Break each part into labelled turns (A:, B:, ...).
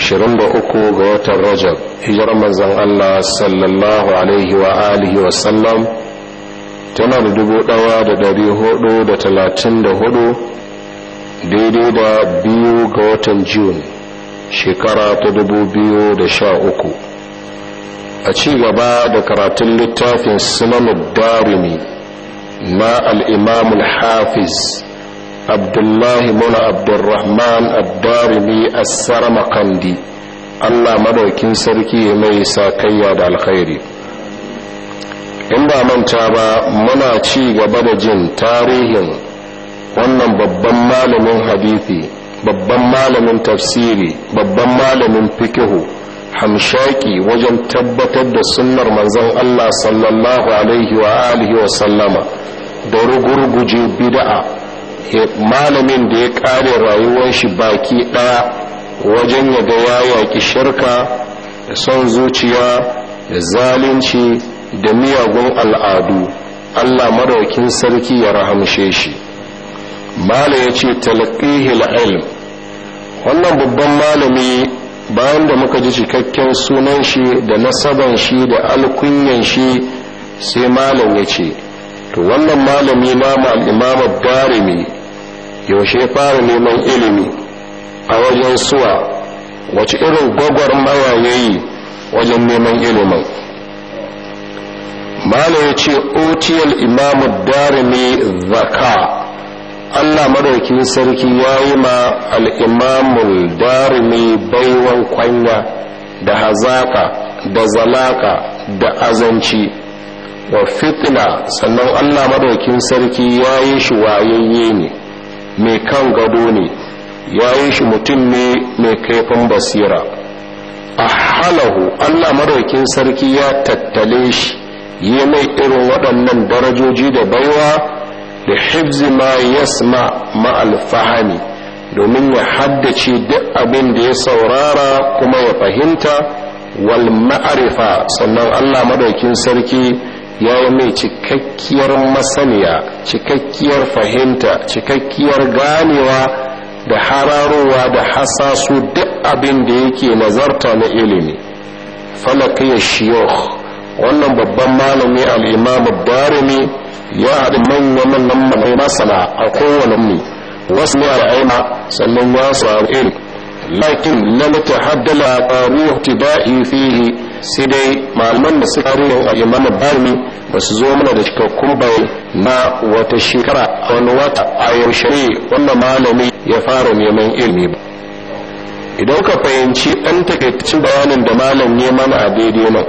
A: 23 ga watan rajab hijirar manzan Allah sallallahu alaihi wa alihi wa sallam tana da dubu dawa da dari hudu da talatin da hudu daidai da biyu ga watan Jun shekara ta dubu biyu da sha uku a ci gaba da karatun littafin sunanar darimi na al'imamul hafiz Abdullahi الله abdurrahman عبد الرحمن Kandi. Allah Madaukin Sarki mai مي ساكيا da الخير in ba manta ba muna ci gaba da jin tarihin wannan babban malamin hadithi babban malamin tafsiri babban malamin fikihu hamshaki wajen tabbatar da sunnar manzon Allah sallallahu alaihi wa alihi wa sallama da rugurguje bida'a. malamin da ya kare rayuwar shi baki ɗaya wajen ya ga ya yaƙi shirka da son zuciya da zalunci da miyagun al'adu allah maraukin sarki ya rahamshe shi mala ya ce talqihil ilm wannan babban malami bayan da muka ji cikakken sunan shi da nasaban shi da alkunyan shi sai malam ya ce to wannan malami namu imama barimi yaushe fara neman ilimi a wajen suwa wace irin gwagwarmaya ya yi wajen neman ilimin malam ya ce otiyar imamu darimi zaka allah madaukin sarki ya yi ma al'imamun darimi baiwan kwanya da hazaka da zalaka da azanci wa fitna sannan allah madaukin sarki ya yi shi wayayye ne mai kan gado ne ya yi shi mutum ne mai kaifin basira a halahu allah madaukin sarki ya tattale shi yi mai irin waɗannan darajoji da baiwa da hibzi ma yasma ma ma'alfahani domin ya haddace duk abin da ya saurara kuma ya fahimta wal ma'arifa sannan allah madaukin sarki ya yi mai cikakkiyar masaniya cikakkiyar fahimta cikakkiyar ganewa da hararowa da hasasu duk abin da yake nazarta na ilimi falakiyar shiyo wannan babban malami al'imam darimi ya haɗu manyan nan masana a kowane mu wasu ne al'aima sannan ya samu ilimi lakin lam tahaddala aqaru ibtida'i fihi sai dai malaman da suka ruwa a imam barmi ba su zo mana da cikakkun bai na wata shekara a wani wata a yaushe wannan malami ya fara neman ilimi ba idan ka fahimci ɗan takaitaccen bayanin da malam neman mana a daidai nan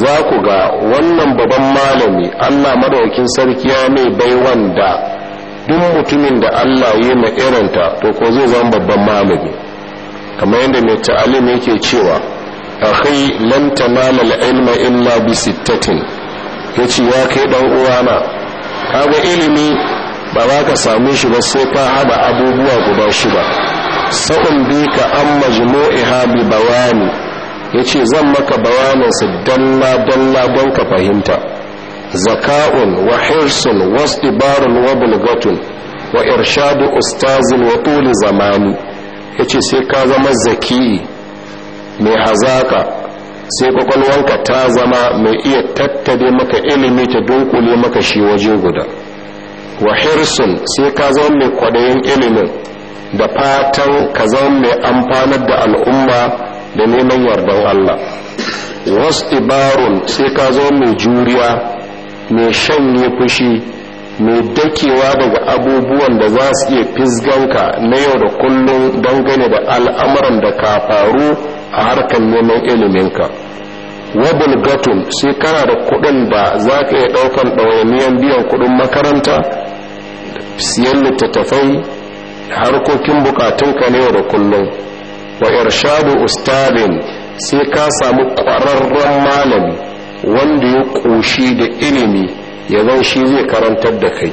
A: za ku ga wannan babban malami allah madaukin sarki ya mai bai wanda duk mutumin da allah ya ma irinta to ko zai zama babban malami kamar yadda mai ta'alim yake cewa akai lan tamala ilma illa bi sittatin yace ya kai dan uwana kaga ilimi ba za ka samu shi ba sai ka haɗa abubuwa guda shi ba sa'un bi ka an majmu'iha bi bawani yace zan maka bawani su dalla dalla don ka fahimta zaka'un wa hirsun wasu wa bulgatun wa irshadu ustazin wa tuli zamani ya ce sai ka zama zaki mai hazaka sai kwakwalwanka ta zama mai iya tattade maka ilimi ta dunkule maka shi waje guda wa harrison sai ka zama mai kwadayin ilimin da fatan ka zama mai amfanar da al'umma da neman yardan allah wasu ibarun sai ka zama mai juriya mai shanye fushi mai dakewa daga abubuwan da za su iya fisganka na yau da kullum dangane da al'amuran da ka faru a harkar neman iliminka wabul gatun sai kana da kudin da za ka iya daukan ɗawainiyar biyan kudin makaranta siyan littattafai harkokin bukatunka na yau da kullum wa irshadu ustadin sai ka samu ƙwararren malami wanda ya ƙoshi da ilimi ya shi zai karantar da kai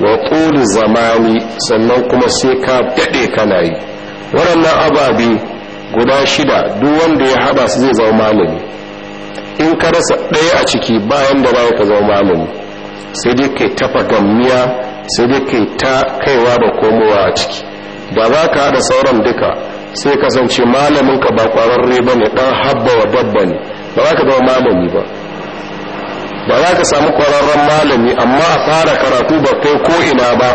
A: wa ƙuri zamani sannan kuma sai ka daɗe kana yi waɗannan ababe guda shida duk wanda ya haɗa su zai zama malami in ka rasa ɗaya a ciki bayan da bayan ka zama malami sai dai kai tafa gammiya sai dai kai ta kaiwa da komowa a ciki da za ka haɗa sauran duka sai kasance malamin ka ba ƙwararre ba ne ɗan habba wa dabba ne ba za ka zama malami ba ba za ka samu kwararren malami amma a fara karatu ba kai ko ina ba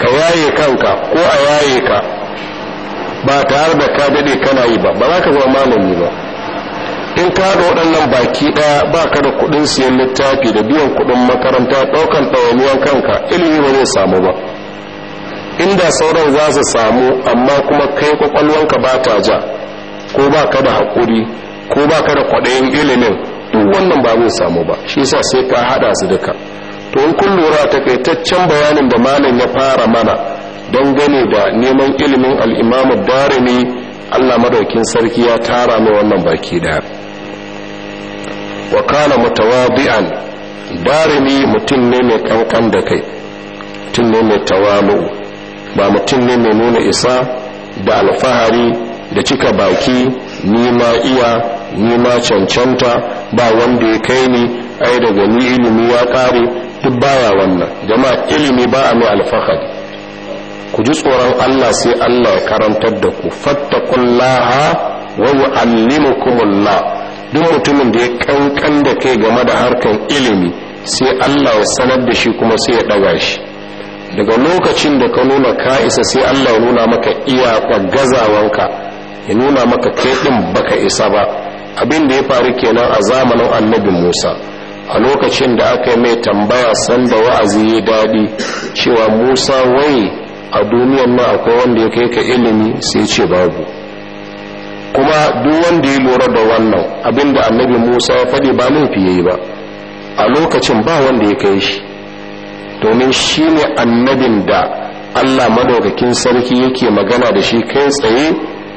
A: ka yaye kanka ko a yaye ka ba tare da ka daɗe kana yi ba ba za ka zama malami ba in ka da waɗannan baki ɗaya ba ka da kuɗin siyan littafi da biyan kuɗin makaranta ɗaukan ɗawainiyar kanka ilimi ba zai samu ba inda sauran za su samu amma kuma kai kwakwalwanka ba ta ja ko ba ka da haƙuri ko ba ka da kwaɗayin ilimin wannan ba zai samu ba shi yasa sai ka hada su duka to in kun lura takaitaccen bayanin da malam ya fara mana don gane da neman ilimin al-imamu darimi Allah madaukin sarki ya tara mai wannan baki da wa kana mutawadi'an darimi mutum ne mai kankan da kai mutum ne mai tawalu ba mutum ne mai nuna isa da alfahari da cika baki nima iya nima cancanta ba wanda ya kai ni ai daga ni ilimi ya kare duk baya wannan jama'a ilimi ba a mai alfahari ku ji tsoron Allah sai Allah ya karantar da ku fattakullaha wa yu'allimukumullah duk mutumin da ya kankan da kai game da harkan ilimi sai Allah ya sanar da shi kuma sai ya daga shi daga lokacin da ka nuna ka isa sai Allah ya nuna maka iyakwa gazawanka ya nuna maka kai din baka isa ba abin da ya faru kenan a zamanin annabi musa a lokacin da aka yi mai tambaya sanda wa'azi ya daɗi cewa musa wai a duniyan nan akwai wanda ya kai ka ilimi sai ce babu kuma duk wanda ya lura da wannan abin da annabi musa ya faɗi ba laifi ya yi ba a lokacin ba wanda ya kai shi domin shi ne annabin da allah madaukakin sarki yake magana da shi kai tsaye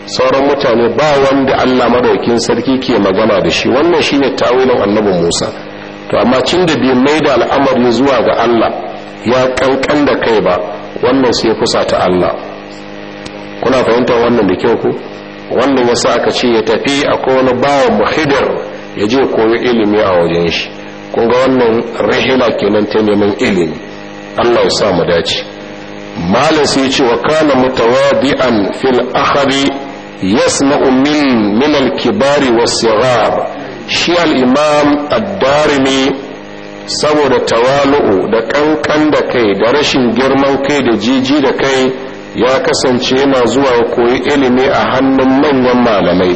A: sauran mutane ba wanda Allah madaukin sarki ke magana da shi wannan shine tawilin annabin Musa to amma cin da bai mai da al'amari zuwa ga Allah ya kankan da kai ba wannan sai kusa ta Allah kuna fahimta wannan da kyau ku wannan yasa aka ce ya tafi akwai wani bawan muhidar ya je koyo ilimi a wajen shi kun ga wannan rahila kenan ta neman ilimi Allah ya sa mu dace malam sai ya ce wa kana mutawadi'an fil akhari yasma'u min min al-kibari was-sighar shi al-imam ad-darimi saboda tawalu'u da kankan da kai da rashin girman kai da jiji da kai ya kasance yana zuwa ya koyi ilimi a hannun manyan malamai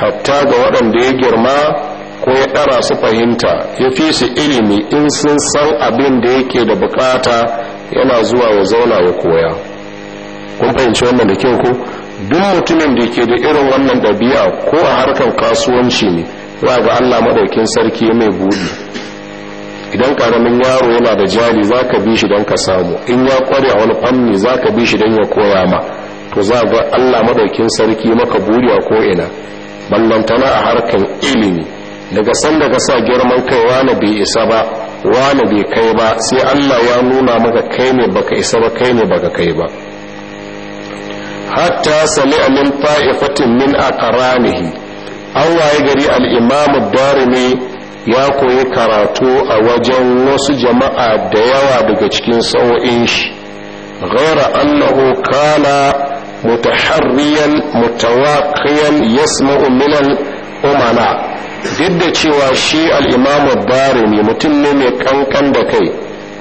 A: hatta ga waɗanda ya girma ko ya ɗara su fahimta ya fi su ilimi in sun san abin da yake da bukata yana zuwa ya zauna ya koya kun fahimci wannan da kyau ko duk mutumin da ke da irin wannan ɗabi'a ko a harkar kasuwanci ne za ga allah maɗaukin sarki mai buɗi idan karamin yaro yana da jari za ka bi shi don ka samu in ya kware a wani fanni za ka bi shi don ya koya ma to za ga allah maɗaukin sarki maka buri a ko'ina ballantana a harkar ilimi daga san daga sa girman kai wane bai isa ba wane bai kai ba sai allah ya nuna maka kai ne baka isa ba kai ne baka kai ba hatta sami min ta'ifatin min aqranihi an waye gari al-imam ya koyi karatu a wajen wasu jama'a da yawa daga cikin sa'o'in shi ghaira annahu kana mutaharriyan mutawaqiyan yasma'u min al-umala duk da cewa shi al-imam mutum ne mai kankan da kai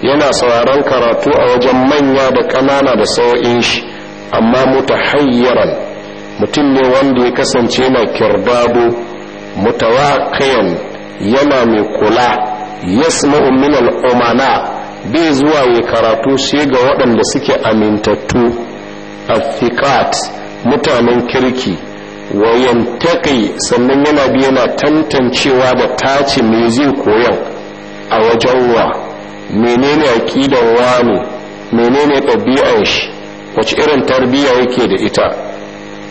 A: yana sauraron karatu a wajen manya da ƙanana da sa'o'in shi amma mutahayyaran mutum ne wanda ya kasance na kirbabu mutawaqiyan yana mai kula yasma'u min al bai zuwa ya karatu shi ga waɗanda suke amintattu afikat mutanen kirki wayan takai sannan yana bi yana tantancewa da tace mai zai koyan a wajen wa menene aqidan wani menene ɗabi'ar shi wace irin tarbiyya yake da ita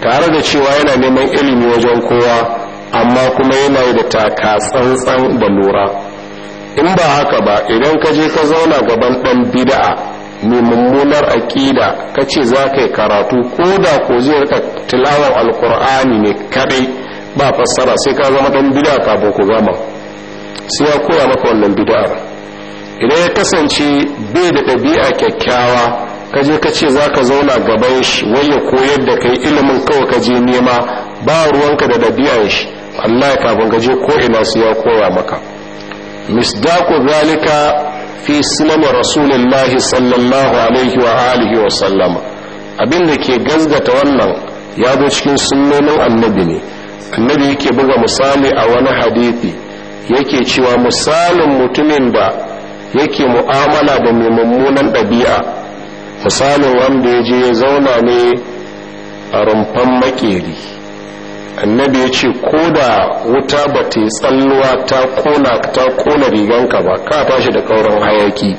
A: tare da cewa yana neman ilimi wajen kowa amma kuma yana yi da taka tsantsan da lura in ba haka ba idan ka je ka zauna gaban ɗan bida'a mai mummunar aƙida ka ce za ka yi karatu ko da ko zai rika tilawar alkur'ani ne kadai ba fassara sai ka zama ɗan bida'a ka ku gama sai ya koya maka wannan bida'ar idan ya kasance bai da ɗabi'a kyakkyawa ka je ka ce za ka zauna gaban shi wai ya koyar da kai ilimin kawai ka je nema ba ruwanka da ɗabi'an shi Allah kafin ka je ko ina su ya koya maka misdaku zalika fi sunan rasulullahi sallallahu alaihi wa alihi wa sallama abin ke gazgata wannan ya zo cikin sunnonin annabi ne annabi yake buga misali a wani hadithi yake cewa misalin mutumin da yake mu'amala da mai mummunan ɗabi'a misalin wanda ya je ya zauna ne a rumfan makeri annabi ya ce ko da wuta ba ta tsalluwa ta kona ta kona riganka ba ka tashi da kauran hayaki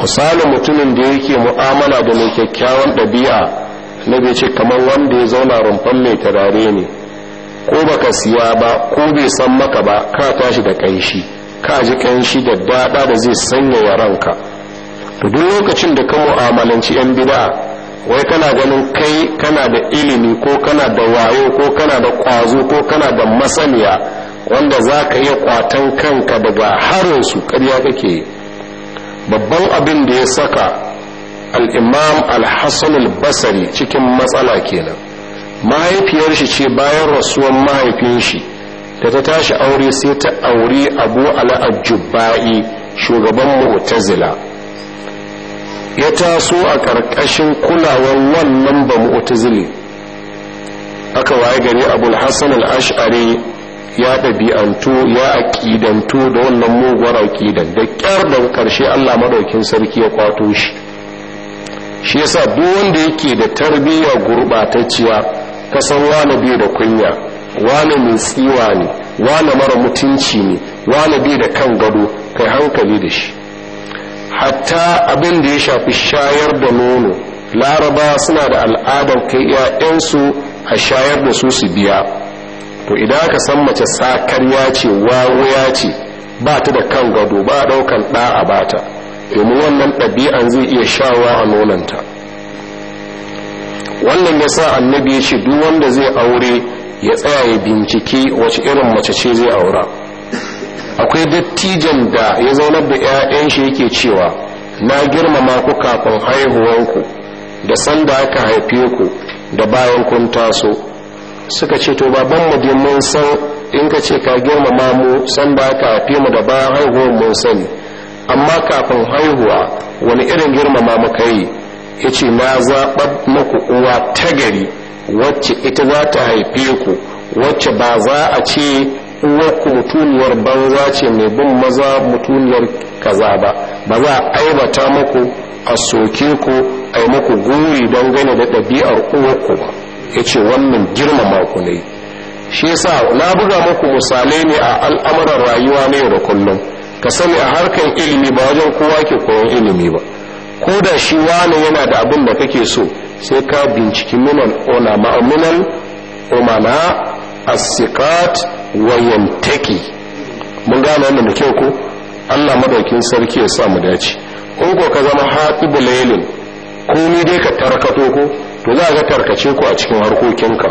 A: misalin mutumin da yake mu'amala da mai kyakkyawan ɗabi'a annabi ya ce kamar wanda ya zauna rumfan mai tarare ne ko baka siya ba ko bai san maka ba ka tashi da kanshi ka ji kanshi da dada da zai sanya ranka to duk lokacin da ka mu'amalanci yan bid'a wai kana ganin kai kana da ilimi ko kana da wayo ko kana da kwazo ko kana da masaniya wanda za ka iya kwatan kanka daga harinsu karya kake babban abin da ya saka al'imam al-hassan al-basari cikin matsala kenan mahaifiyar shi ce bayan rasuwan mahaifin shi da ta tashi aure sai ta aure abu ala ajuba'i shugaban mu'tazila ya taso a ƙarƙashin kulawar wannan ba mu'tazili aka waye gari abul hassan al'ash'ari ya ɗabi'antu ya aƙidantu da wannan muguwar aƙidan da ƙyar da ƙarshe allah maɗaukin sarki ya kwato shi shi yasa duk wanda yake da tarbiyya gurɓatacciya ka san wani da kunya wani mai tsiwa ne wani mara mutunci ne wani bai da kan gado kai hankali da shi hatta abin da ya shafi shayar da nono laraba suna da al'adar kai 'ya'yansu a shayar da su su biya to idan ka san mace sakarya ce ya ce ba ta da kan gado ba daukan ɗa a bata domin wannan ɗabi'an zai iya shawa a nonanta wannan ya sa annabi ya ce duk wanda zai aure ya tsaya ya bincike wace irin mace ce zai aura akwai dattijan da ya zaunar da 'ya'yan shi yake cewa na girmama ku kafin haihuwanku da sanda aka haife ku da bayan kun taso suka ce to baban mu dai mun san in ka ce ka girmama mu sanda aka haife mu da bayan haihuwar mun sani amma kafin haihuwa wani irin girmama muka yi ya ce na zaɓar muku uwa ta gari wacce ita za ta haife ku wacce ba za a ce uwarku mutuniyar banza ce mai bin maza mutuniyar kaza ba ba za a aibata muku a soke ku a yi muku guri don gane da ɗabi'ar uwarku ba ya ce wannan girmama ku ne shi sa na buga muku misalai ne a al'amuran rayuwa na yau da kullum ka sani a harkar ilimi ba wajen kowa ke koyon ilimi ba ko da shi wani yana da abin da kake so sai ka binciki minan ona minan omana asikat wayan taki mun gane wannan da kyau ko allah madaukin sarki ya sa mu dace in ko ka zama haɗu da lailin ko ni dai ka tarkato ko to za ga tarkace ku a cikin harkokinka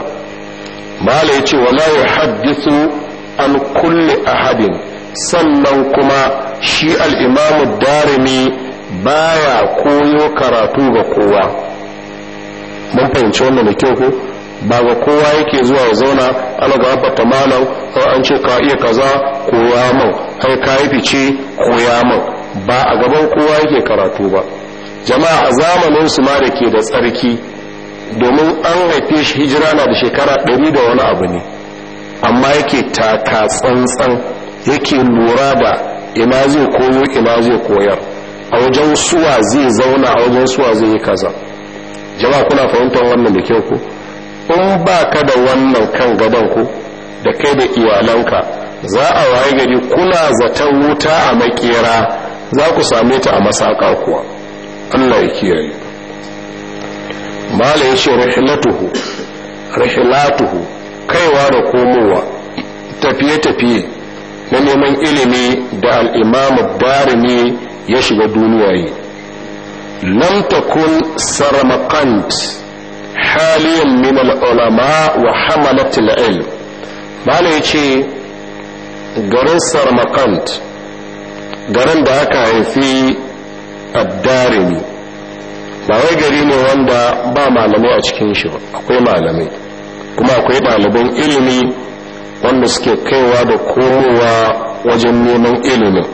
A: mala ya ce wala haddisu an kulle ahadin sannan kuma shi al'imamu darimi baya koyo karatu ga kowa mun fahimci wannan da kyau ko ba ga kowa yake zuwa ya zauna ana ga abata malam ko an ce ka iya kaza koya mau kai ka yi fice koya man ba a gaban kowa yake karatu ba jama'a a zamanin su ma da ke da tsarki domin an haife shi hijira na da shekara ɗari da wani abu ne amma yake taka tsantsan yake lura da ina zai koyo ina zai koyar a wajen suwa zai zauna a wajen suwa zai yi kaza jama'a kuna fahimtar wannan da kyau ko in ba ka da wannan kan gadon ku da kai da iyalanka za a waye gari kuna zaton wuta a makera za ku same ta a masaka kuwa allah ya kiyaye mala ya ce rahilatuhu kaiwa da komowa tafiye-tafiye na neman ilimi da al'imamu darimi ya shiga duniya yi lam takun حاليا ulama wa وحملة العلم bala ya ce garin sarmakant garin da aka haifi addarini ba wai gari ne wanda ba malamai a cikin shi akwai malamai kuma akwai ɗaliban ilimi wanda suke kaiwa da komowa wajen neman ilimin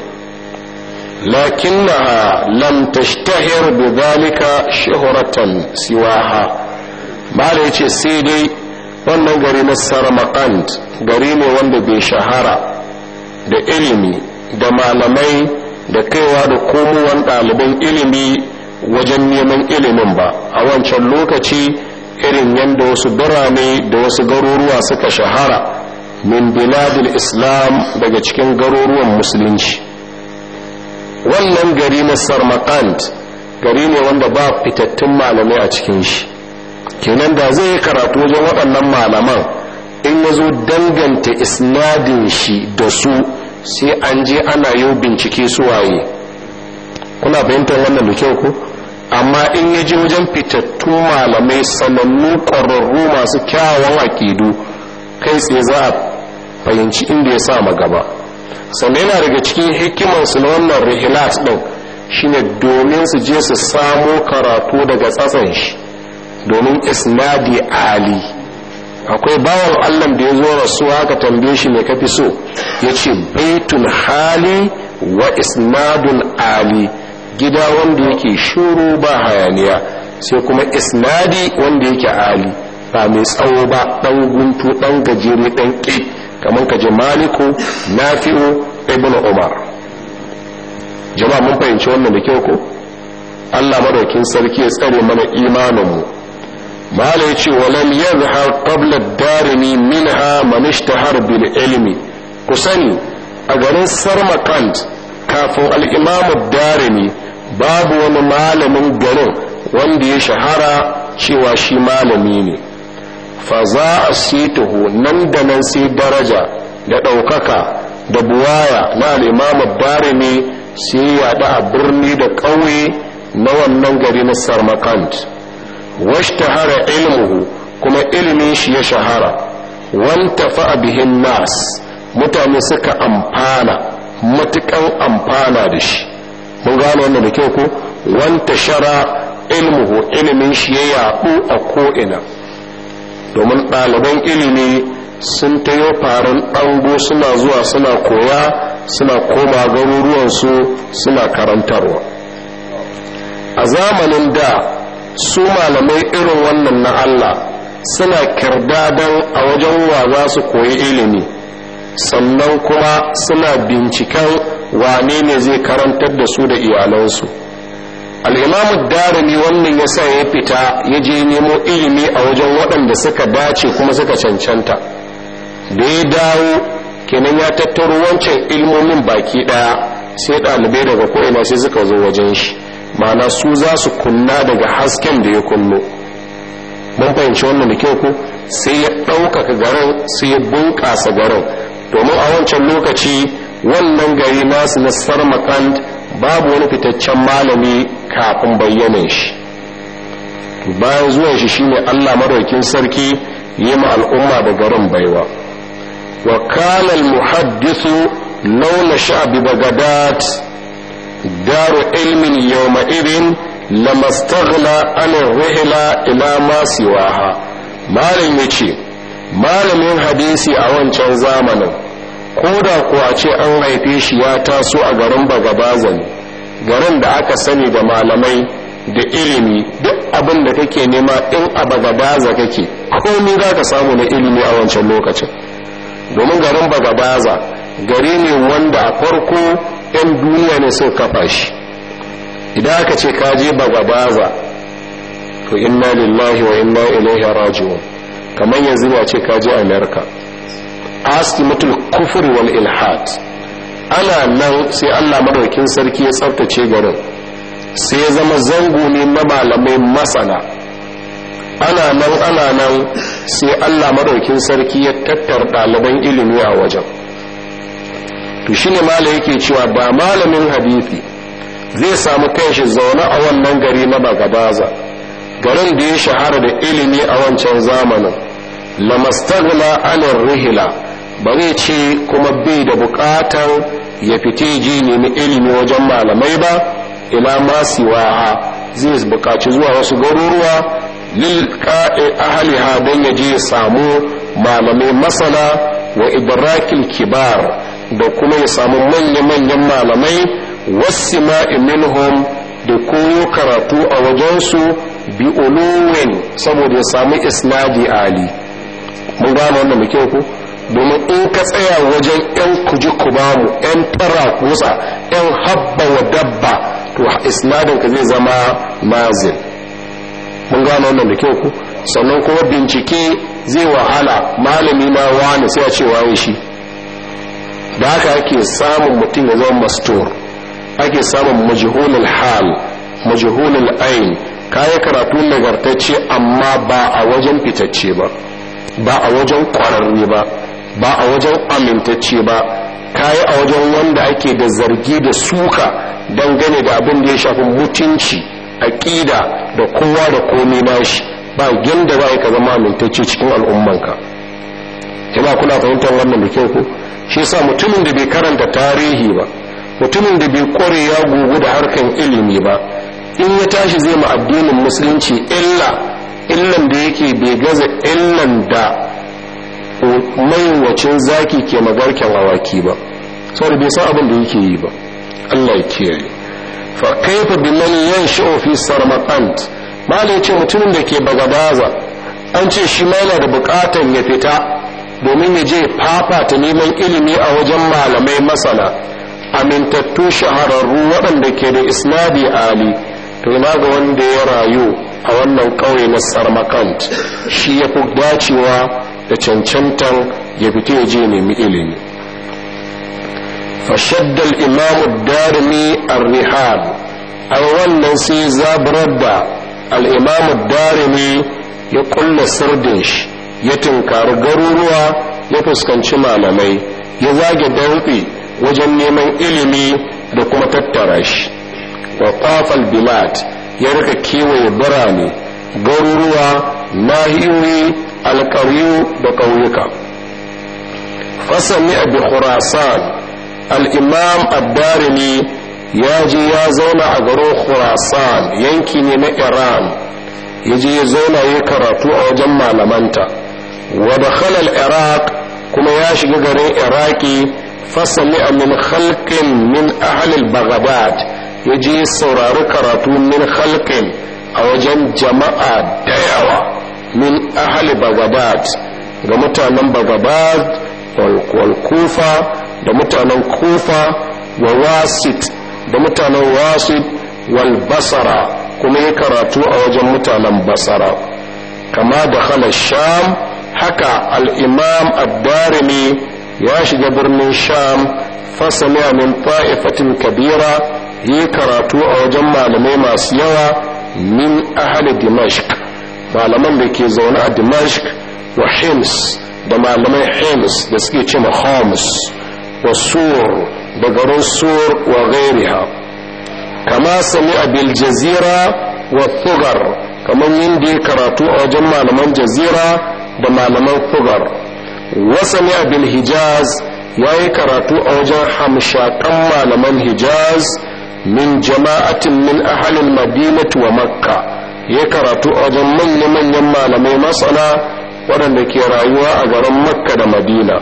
A: lakinna lam tashtahir bi zalika shuhratan siwaha bala ya ce sai dai wannan gari na samarkand gari ne wanda bai shahara da ilimi da malamai da kaiwa da komowan ɗaliban ilimi wajen neman ilimin ba a wancan lokaci irin yadda wasu birane da wasu garuruwa suka shahara min biladul islam daga cikin garuruwan musulunci wannan gari na samarkand gari ne wanda ba fitattun malamai a cikin shi kenan da zai karatu wajen waɗannan malaman in ya zo danganta isnadin shi da su sai an je ana yau bincike su waye kuna fahimtar wannan da kyau ko amma in ya je wajen fitattun malamai sanannu ƙwararru masu kyawawan aƙidu kai tsaye za a fahimci inda ya sa gaba. sannan yana daga cikin su na wannan rihilas ɗin shine domin su je su samo karatu daga tsatsan shi domin isnadi ali akwai bawan allah da ya zo rasuwa haka tambaye shi mai kafi so ya ce baitun hali wa isnadun ali gida wanda yake shuru ba hayaniya sai kuma isnadi wanda yake ali ba mai tsawo ba ɗan guntu ɗan gajere ɗan ƙi kamar ka ji maliku nafi'u ibn umar jama'a mun fahimci wannan da kyau ko allah madaukin sarki ya tsare mana imaninmu mala ya ce walam yazhar qabla darimi minha man har bil ilimi ku sani a garin sarmakant kafin al'imamu darini babu wani malamin garin wanda ya shahara cewa shi malami ne fa za a sitahu nan da nan sai daraja da ɗaukaka da buwaya na al'imamu darini sai yaɗa a birni da ƙauye na wannan gari na sarmakant washtahara ilmuhu kuma ilimin shi ya shahara wanta fa'a bihin nas mutane suka amfana matukan amfana da shi mun gano wannan da kyau ko wanta shara ilmuhu ilimin shi ya yaɗu a ko'ina domin ɗaliban ilimi sun tayo farin ɗango suna zuwa suna koya suna koma garuruwansu suna karantarwa a zamanin da su malamai irin wannan na Allah suna kirdadan a wajen wa za su koyi ilimi sannan kuma suna binciken wane ne zai karantar da su da iyalansu al'imamu darimi wannan ya sa ya fita ya je nemo ilimi a wajen waɗanda suka dace kuma suka cancanta da ya dawo kenan ya tattaro wancan ilmomin baki ɗaya sai ɗalibai daga ko'ina sai suka zo wajen shi ma'ana su za su kunna daga hasken da ya kullo mun fahimci wannan da kyau ko sai ya ɗaukaka garin sai ya bunƙasa garin domin a wancan lokaci wannan gari nasu na sarmakand babu wani fitaccen malami kafin bayyana shi bayan zuwan shi shine allah maraukin sarki yi ma al'umma da garin baiwa wa muhaddisu launa sha'abi bagadat Daro ilmin yawma irin. lamastaghla an ruhila ila malam yace malamin hadisi a wancan zamanin ko da ko a ce an haife shi ya taso a garin ne garin da aka sani da malamai da ilimi duk abin da kake nema in a bagabaza kake komai za ka samu na ilimi a wancan lokacin domin garin bagabaza gari ne wanda a farko 'yan duniya ne sun kafa shi idan aka ce ka je bagwabaza to inna lillahi wa inna ilaihi raji'un kamar yanzu ya ce ka je Aski mutu kufur wal ilhad ana nan sai Allah madaukin sarki ya tsaftace garin sai ya zama zango ne na malamai masana ana nan ana nan sai Allah madaukin sarki ya tattar ɗaliban ilimi a wajen to shine malam yake cewa ba malamin hadisi zai samu shi zaune a wannan gari na bagabaza garin da ya shahara da ilimi a wancan zamanin lamastagla anin rihila ba zai ce kuma bai da bukatar ya fite ji nemi ilimi wajen malamai ba ila masiwaha zai bukaci zuwa wasu garuruwa lilka'i ahaliha don ya je ya samu malamai masana wa ibrakil kibar da kuma ya samu manya-manyan malamai wasu minhum da koyo karatu a wajensu bi uluwin saboda ya samu isnadi ali mun gane wannan da ku domin in ka tsaya wajen yan kuji kubamu yan tara kusa yan habba wa dabba to isnadin zai zama mazin mun gane wannan da ku sannan kuma bincike zai wahala malami na wani sai a ce waye shi da haka ake samun mutum ya zama mastur ake samun majhulul hal ayin ain kayi karatu nagartacce amma ba a wajen fitacce ba ba a wajen kwararre ba ba a wajen amintacce ba kayi a wajen wanda ake da zargi da suka dangane da abin da ya shafi mutunci aƙida da kowa da komai nashi ba yanda za ka zama amintacce cikin al'ummanka ina kuna fahimtar wannan da kyau ko shi sa mutumin da bai karanta tarihi ba mutumin da bai kware ya gugu da harkan ilimi ba in ya tashi zai ma addinin musulunci illa illan da yake bai gaza illan da maiwacin zaki ke magarken awaki ba saboda bai san abin da yake yi ba Allah ya kiyaye fa kaifa bi man yanshu fi sarmatant ya ce mutumin da ke bagabaza an ce shi ma yana da bukatan ya fita domin ya je fafata neman ilimi a wajen malamai masana amintattu shahararru waɗanda ke da isnadi ali to ina ga wanda ya rayu a wannan ƙauye na sarmakant shi ya fi dacewa da cancantar ya fito ya je nemi ilimi فشد wannan sai الرحاب da. سي زابرد ya الدارمي sirdin shi. ya tunkari garuruwa ya fuskanci malamai ya zage dauɗe wajen neman ilimi da kuma tattara shi wa tafal bilat ya rika kewaye birane garuruwa nahiyoyi alƙaryu da ƙauyuka fasami abu khurasan al'imam abdarimi ya je ya zauna a garin khurasan yanki ne na iran ya je ya zauna ya karatu a wajen malamanta wa dakhala iraq kuma ya shiga garin iraki fasami'a min khalqin min ahli al-baghdad yaje saurari karatu min khalqin a wajen jama'a da yawa min ahli baghdad ga mutanen baghdad wal kufa da mutanen kufa wa wasit da mutanen wasit wal kuma ya karatu a wajen mutanen basara kama da khala sham haka al'imam abbarimi ya shiga birnin sham fasaliya min ta'ifatin kabira yi karatu a wajen malamai masu yawa min ahali dimashq malaman da ke zaune a dimashq wa hims da malamai hims da suke ce ma homs wa sur da garin sur wa gairiha kama sami a biljazira wa thugar kamar yin da karatu a wajen malaman jazira da malaman kubar wasani bil hijaz ya yi karatu a wajen hamshakan malaman hijaz min jama'atin min ahalin madinatu wa makka ya karatu a wajen manya-manyan malamai masana waɗanda ke rayuwa a garin makka da madina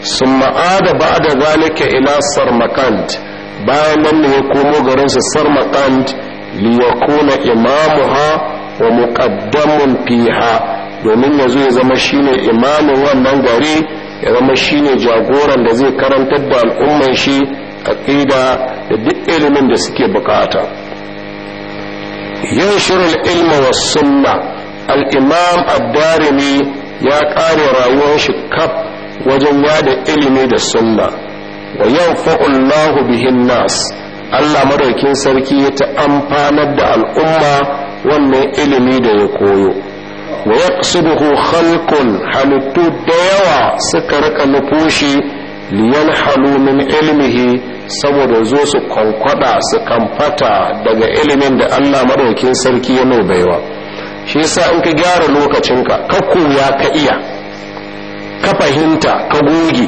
A: sun ma'ada ba da zalika ila sarmakant bayan nan ne ya komo garinsu sarmakant liyakuna imamuha wa muƙaddamun fiha domin ya zo ya zama shine imamin wannan gari ya zama shine jagoran da zai karantar da al'umman shi aqida da duk ilimin da suke bukata yanshurul shirin was sunna al-imam abdarimi ya kare rayuwar shi kaf wajen yada ilimi da sunna wa yau fa'ullahu bihin nas Allah madaukin sarki ya ta amfanar da al'umma wannan ilimi da ya koyo wa buhu halkun halittu da yawa suka rika nufo shi liyan halumin ilmihi saboda zo su kwankwada su kamfata daga ilimin da Allah maɗaukin sarki ya mai baiwa shi yasa in ka gyara lokacinka ka koya ka iya ka fahimta ka goge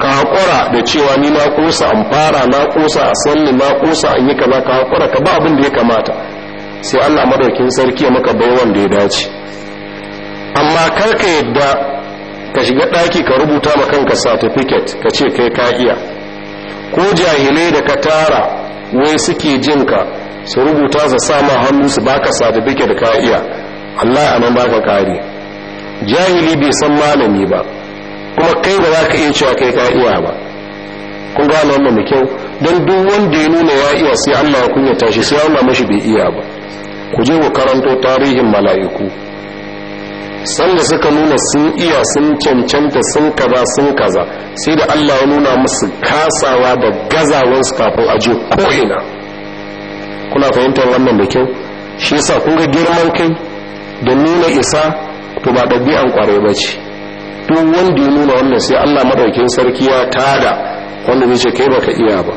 A: ka haƙura da cewa ni na ƙusa an fara na ƙusa a sanni na ƙusa an yi kaza ka haƙura ka ba abin da ya kamata sai allah madaukin sarki ya maka bai wanda ya dace amma kar ka yadda ka shiga daki ka rubuta ma kanka certificate ka ce kai ka iya ko jahilai da ka tara wai suke jin ka su rubuta su sa ma hannu su baka certificate ka iya allah ya nan baka kare jahili bai san malami ba kuma kai ba za ka iya cewa kai ka iya ba kun gane wannan mai kyau don duk wanda ya nuna ya iya sai allah ya kunyata shi sai allah mashi bai iya ba ku je ku karanto tarihin mala'iku sanda suka nuna sun iya sun cancanta sun kaza sun kaza sai da Allah ya nuna musu kasawa da gazawansu kafin aje ko'ina kuna fahimtar wannan da kyau shi yasa kun ga girman kai da nuna isa to ba ɗabi'an ƙwarai ba ce duk wanda ya nuna wannan sai Allah madaukin sarki ya tada wanda zai ce kai baka iya ba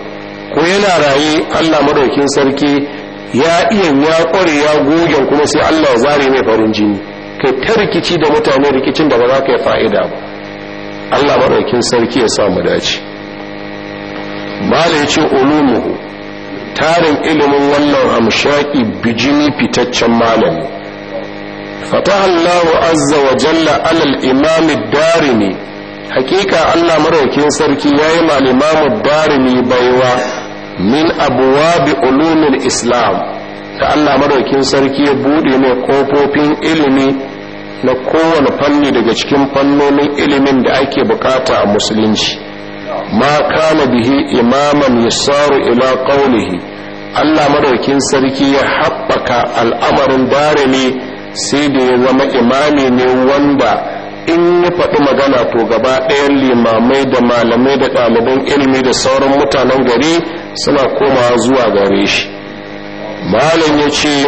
A: ko yana raye Allah madaukin sarki ya iya ya kware ya gogen kuma sai Allah ya zare mai farin jini kai ta rikici da mutane rikicin da ba za ka yi fa'ida ba Allah maɗaukin sarki ya sa dace mala ya tarin ilimin wannan hamshaki bijini fitaccen malami fata Allah azza wa jalla alal imam darimi hakika Allah maɗaukin sarki yayi ma imamu darimi baiwa min abuwabi ulumin islam ta Allah madaukin sarki ya bude mai kofofin ilimi na kowane fanni daga cikin fannonin ilimin da ake bukata a musulunci ma kana bihi imaman yasaru ila qawlihi Allah madaukin sarki ya haɓaka al'amarin darimi sai da ya zama imami ne wanda in ya faɗi magana to gaba ɗayan limamai da malamai da ɗaliban ilimi da sauran mutanen gari suna komawa zuwa gare shi malam ya ce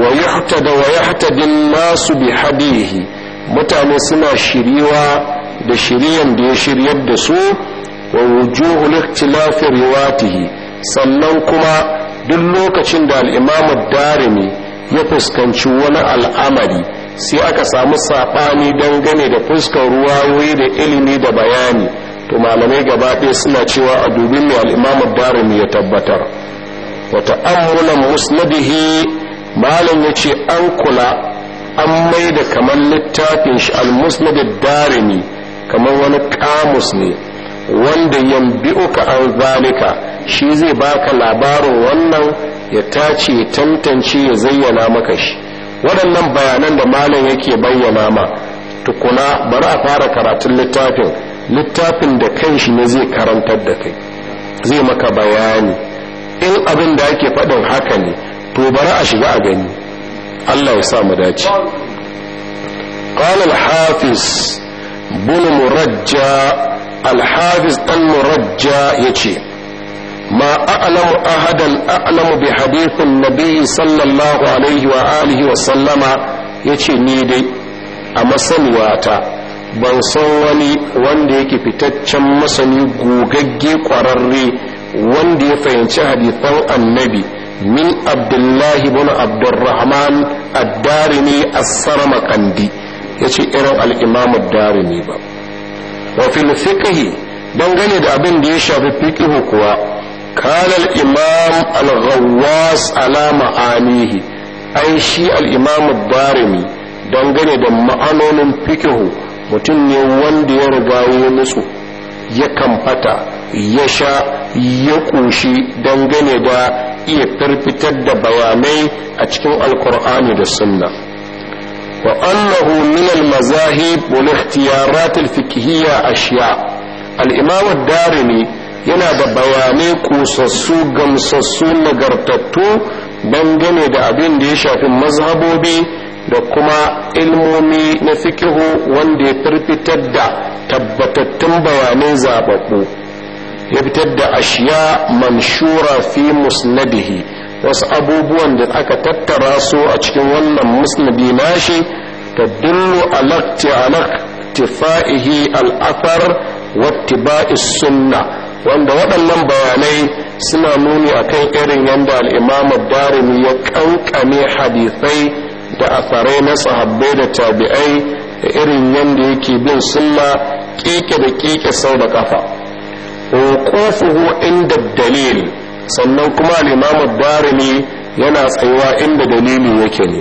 A: wa yahtada wa yahtadin nasu bi hadihi mutane suna shiriwa da shiriyan da ya shiryar da su wa wujuhul ikhtilafi riwatihi sannan kuma duk lokacin da al'imamu darimi ya fuskanci wani al'amari sai aka samu saɓani dangane da fuskar ruwayoyi da ilimi da bayani to malamai gaba ɗaya suna cewa a dubi mai al'imam barumi ya tabbatar wata ammunan musnadihi malam ya ce an kula an mai da kamar littafin shi al-musnadid darimi kamar wani kamus ne wanda yambi'uka an zalika shi zai baka labarin wannan ya tace ya tantance ya zayyana maka shi waɗannan bayanan da malam yake bayyana ma tukuna bari a fara karatun littafin littafin da kanshi ne zai karantar da kai zai maka bayani in abin da ake faɗin haka ne to bari a shiga a gani Allah ya sa mu dace قال الحافظ بن مرجى الحافظ المرجى يجي ما أعلم أحدا أعلم بحديث النبي صلى الله عليه وآله وسلم يجي نيدي أما سنواتا ban san wani wanda yake fitaccen masani gogagge kwararre wanda ya fahimci hadithan annabi min abdullahi bin abdurrahman ad-darimi as-sarmaqandi yace irin al-imam ad-darimi ba wa fil fiqh dangane da abin da ya shafi fiqh kuwa kala al-imam al-ghawwas ala ma'anihi ai shi al-imam ad-darimi dangane da ma'anonin fiqh mutum ne wanda ya riga ya musu ya kamfata ya sha ya ƙoshi dangane da iya firfitar da bayanai a cikin alkur'ani da sunna wa annahu min al-mazahib wal ikhtiyarat al-fiqhiyya ashiya al ad-darimi yana da bayanai kusassu gamsassu nagartattu dangane da abin da ya shafi mazhabobi da kuma ilmomi na fikihu wanda ya firfitar da tabbatattun bayanai zababbu ya fitar da ashiya manshura fi musnadihi wasu abubuwan da aka tattara su a cikin wannan musnadi nashi ta dullu alaktifa'ihi al'afar wattiba'is sunna wanda waɗannan bayanai suna nuni a kai irin yadda Al'imamar darimi ya ƙanƙame hadithai da asarai na sahabbai da tabi'ai da irin yadda yake bin sunna keke da keke sau da kafa wuqufuhu inda dalil sannan kuma al-imam darimi yana tsayuwa inda dalili yake ne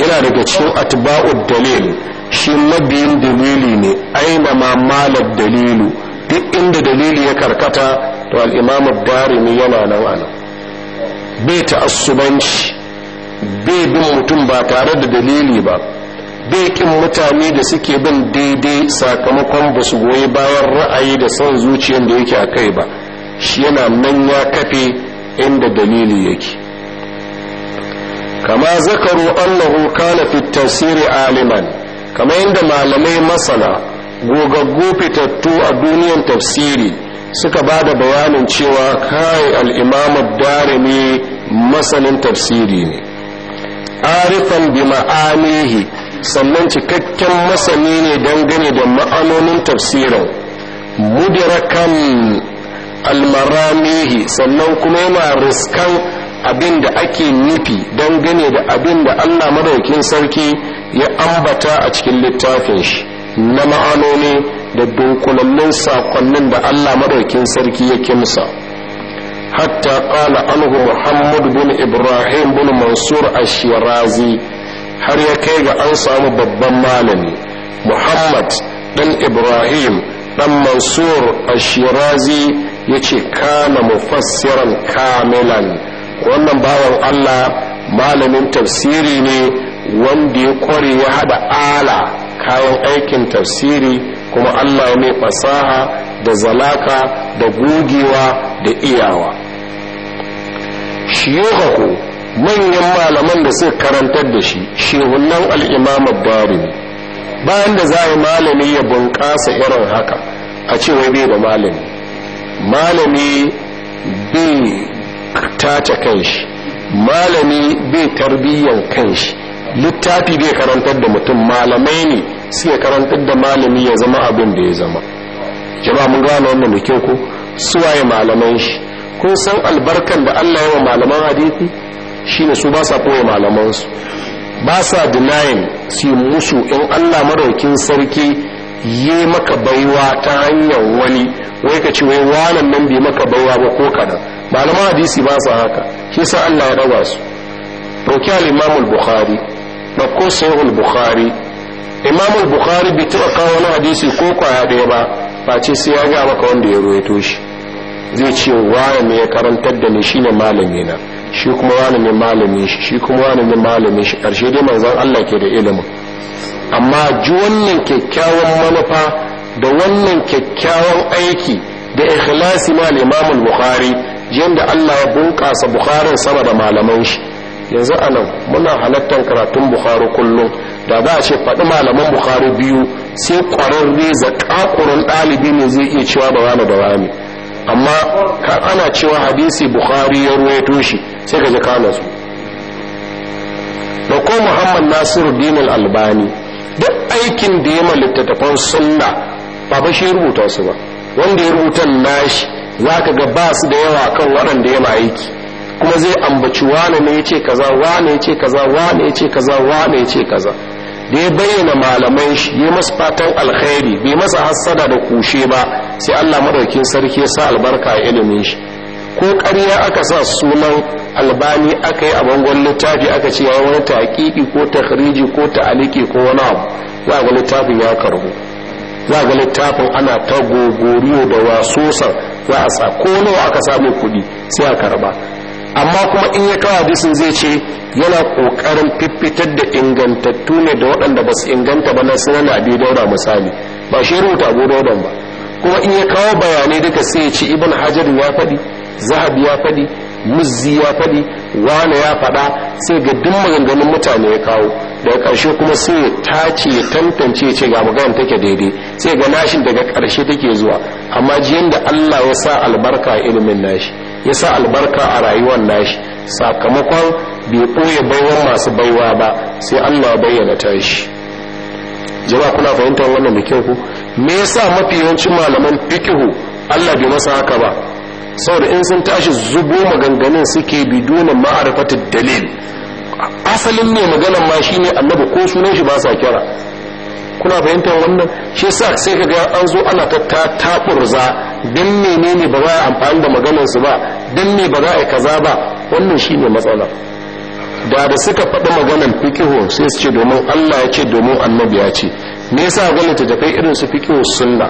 A: yana daga cikin atba'u dalil shi mabiyin dalili ne aina ma dalilu duk inda dalili ya karkata to al-imam darimi yana nan anan bai ta'assubanci bai bin mutum ba tare da dalili ba bai kin mutane da suke bin daidai sakamakon ba su goyi bayan ra'ayi da son zuciyar da yake a kai ba shi yana nan ya kafe inda dalili yake kama zakaru allahu kana fi tafsiri aliman kama inda malamai masana gogaggu fitattu a duniyan tafsiri suka ba da bayanin cewa kai dare darimi masanin tafsiri ne arifan bi ma'anihi sannan cikakken masani ne dangane da ma'anonin tafsirin mudrakan almaramihi sannan kuma yana riskan abin da ake nufi dangane da abin da allah madaukin sarki ya ambata a cikin littafin shi na ma'anoni da dunkulallun sakonnin da allah madaukin sarki ya kimsa. hatta qala alhu muhammad bin ibrahim bin mansur ashirazi har ya kai ga an samu babban malami muhammad dan ibrahim dan mansur ashirazi ya ce kana mufassiran kamilan wannan bawan allah malamin tafsiri ne wanda ya kware ya haɗa ala kayan aikin tafsiri kuma allah mai fasaha da zalaka da gugewa da iyawa shiyuhahu manyan malaman da suka karantar da shi shehunan al'imam abbari bayan da za a yi malami ya bunƙasa irin haka a ce wai bai da malami malami bai tace kanshi malami bai tarbiyyan kanshi littafi bai karantar da mutum malamai ne suke karantar da malami ya zama abin da ya zama jama'a mun gane wannan da kyau ko suwaye malaman shi kun san albarkan da Allah yawa malaman shi ne su ba sa koya malamansu ba sa denying su musu in Allah maraukin sarki yi maka baiwa ta hanyar wani wai ka ci wai wanan nan bi maka baiwa ba ko kadan malaman hadisi ba sa haka shi sa Allah ya raba su dauki al'imamul buhari al-Bukhari dauko Sahih al-Bukhari Imam al-Bukhari bai taɓa kawo wani hadisi ko kwaya ɗaya ba ba ce sai ya ga maka wanda ya ruwaito shi zai ce wani ne ya karantar da ni shine malami na shi kuma wani ne malami shi shi kuma wani ne malami shi karshe dai manzon Allah ke da ilimin amma ji wannan kyakkyawan manufa da wannan kyakkyawan aiki da ikhlasi ma al-Imam bukhari yanda Allah ya bunkasa Bukharin sama da malaman shi yanzu anan muna halattar karatun Bukhari kullum da za a ce faɗi malaman Bukhari biyu sai ƙwararre zakakurin ɗalibi ne zai iya cewa ba wani da wani amma ka ana cewa hadisi bukhari ya ruwaito shi sai ka ji kana su da muhammad nasiru dinin albani duk aikin da ya littattafan sunna ba ba shi rubuta su ba wanda ya rubuta nashi za ka ga ba su da yawa kan waɗanda yana aiki kuma zai ambaci wane ne ya kaza wane ya kaza wane ya kaza wane ya kaza da ya bayyana malaman shi ya masu fatan alkhairi bai masa hassada da kushe ba sai Allah madaukin sarki ya sa albarka a ilimin shi ko ƙarya aka sa sunan albani aka yi a bangon littafi aka ce ya wani taƙiƙi ko takhriji ko ta'aliki ko wani abu za ga littafin ya karbu za ga littafin ana ta gogoriyo da wasosan za a sa ko nawa aka samu kuɗi sai a karba amma kuma in ya kawo hadisin zai ce yana kokarin fiffitar da ingantattu ne da waɗanda ba su inganta ba na sunan abu daura misali ba shi rubuta abu daura ba kuma in ya kawo bayanai duka sai ya ce ibn hajar ya faɗi zahab ya faɗi muzzi ya faɗi wane ya faɗa sai ga duk maganganun mutane ya kawo daga ƙarshe kuma sai ya tace ya tantance ce ga maganar take daidai sai ga nashin daga ƙarshe take zuwa amma jiyan da Allah ya sa albarka ilimin nashi ya sa albarka a rayuwar nashi sakamakon bai ɓoye baiwar masu baiwa ba sai allah bayyana ta shi jama kuna fahimtar wannan da kyau ku me yasa mafi yawancin malaman fikihu allah bai masa haka ba saboda in sun tashi zubo maganganun suke biduna ma'arifatar dalil asalin ne maganan ma shine annabi ko sunan shi ba sa kira kuna fahimtar wannan shi sa sai ka ga an zo ana ta taɓurza don menene ba za a amfani da maganarsu ba don me ba za a yi kaza ba wannan shi ne matsala da da suka faɗi maganar fikihu sai su ce domin allah ya ce domin annabi ya ce me yasa ga littattafai irin su fikihu sunna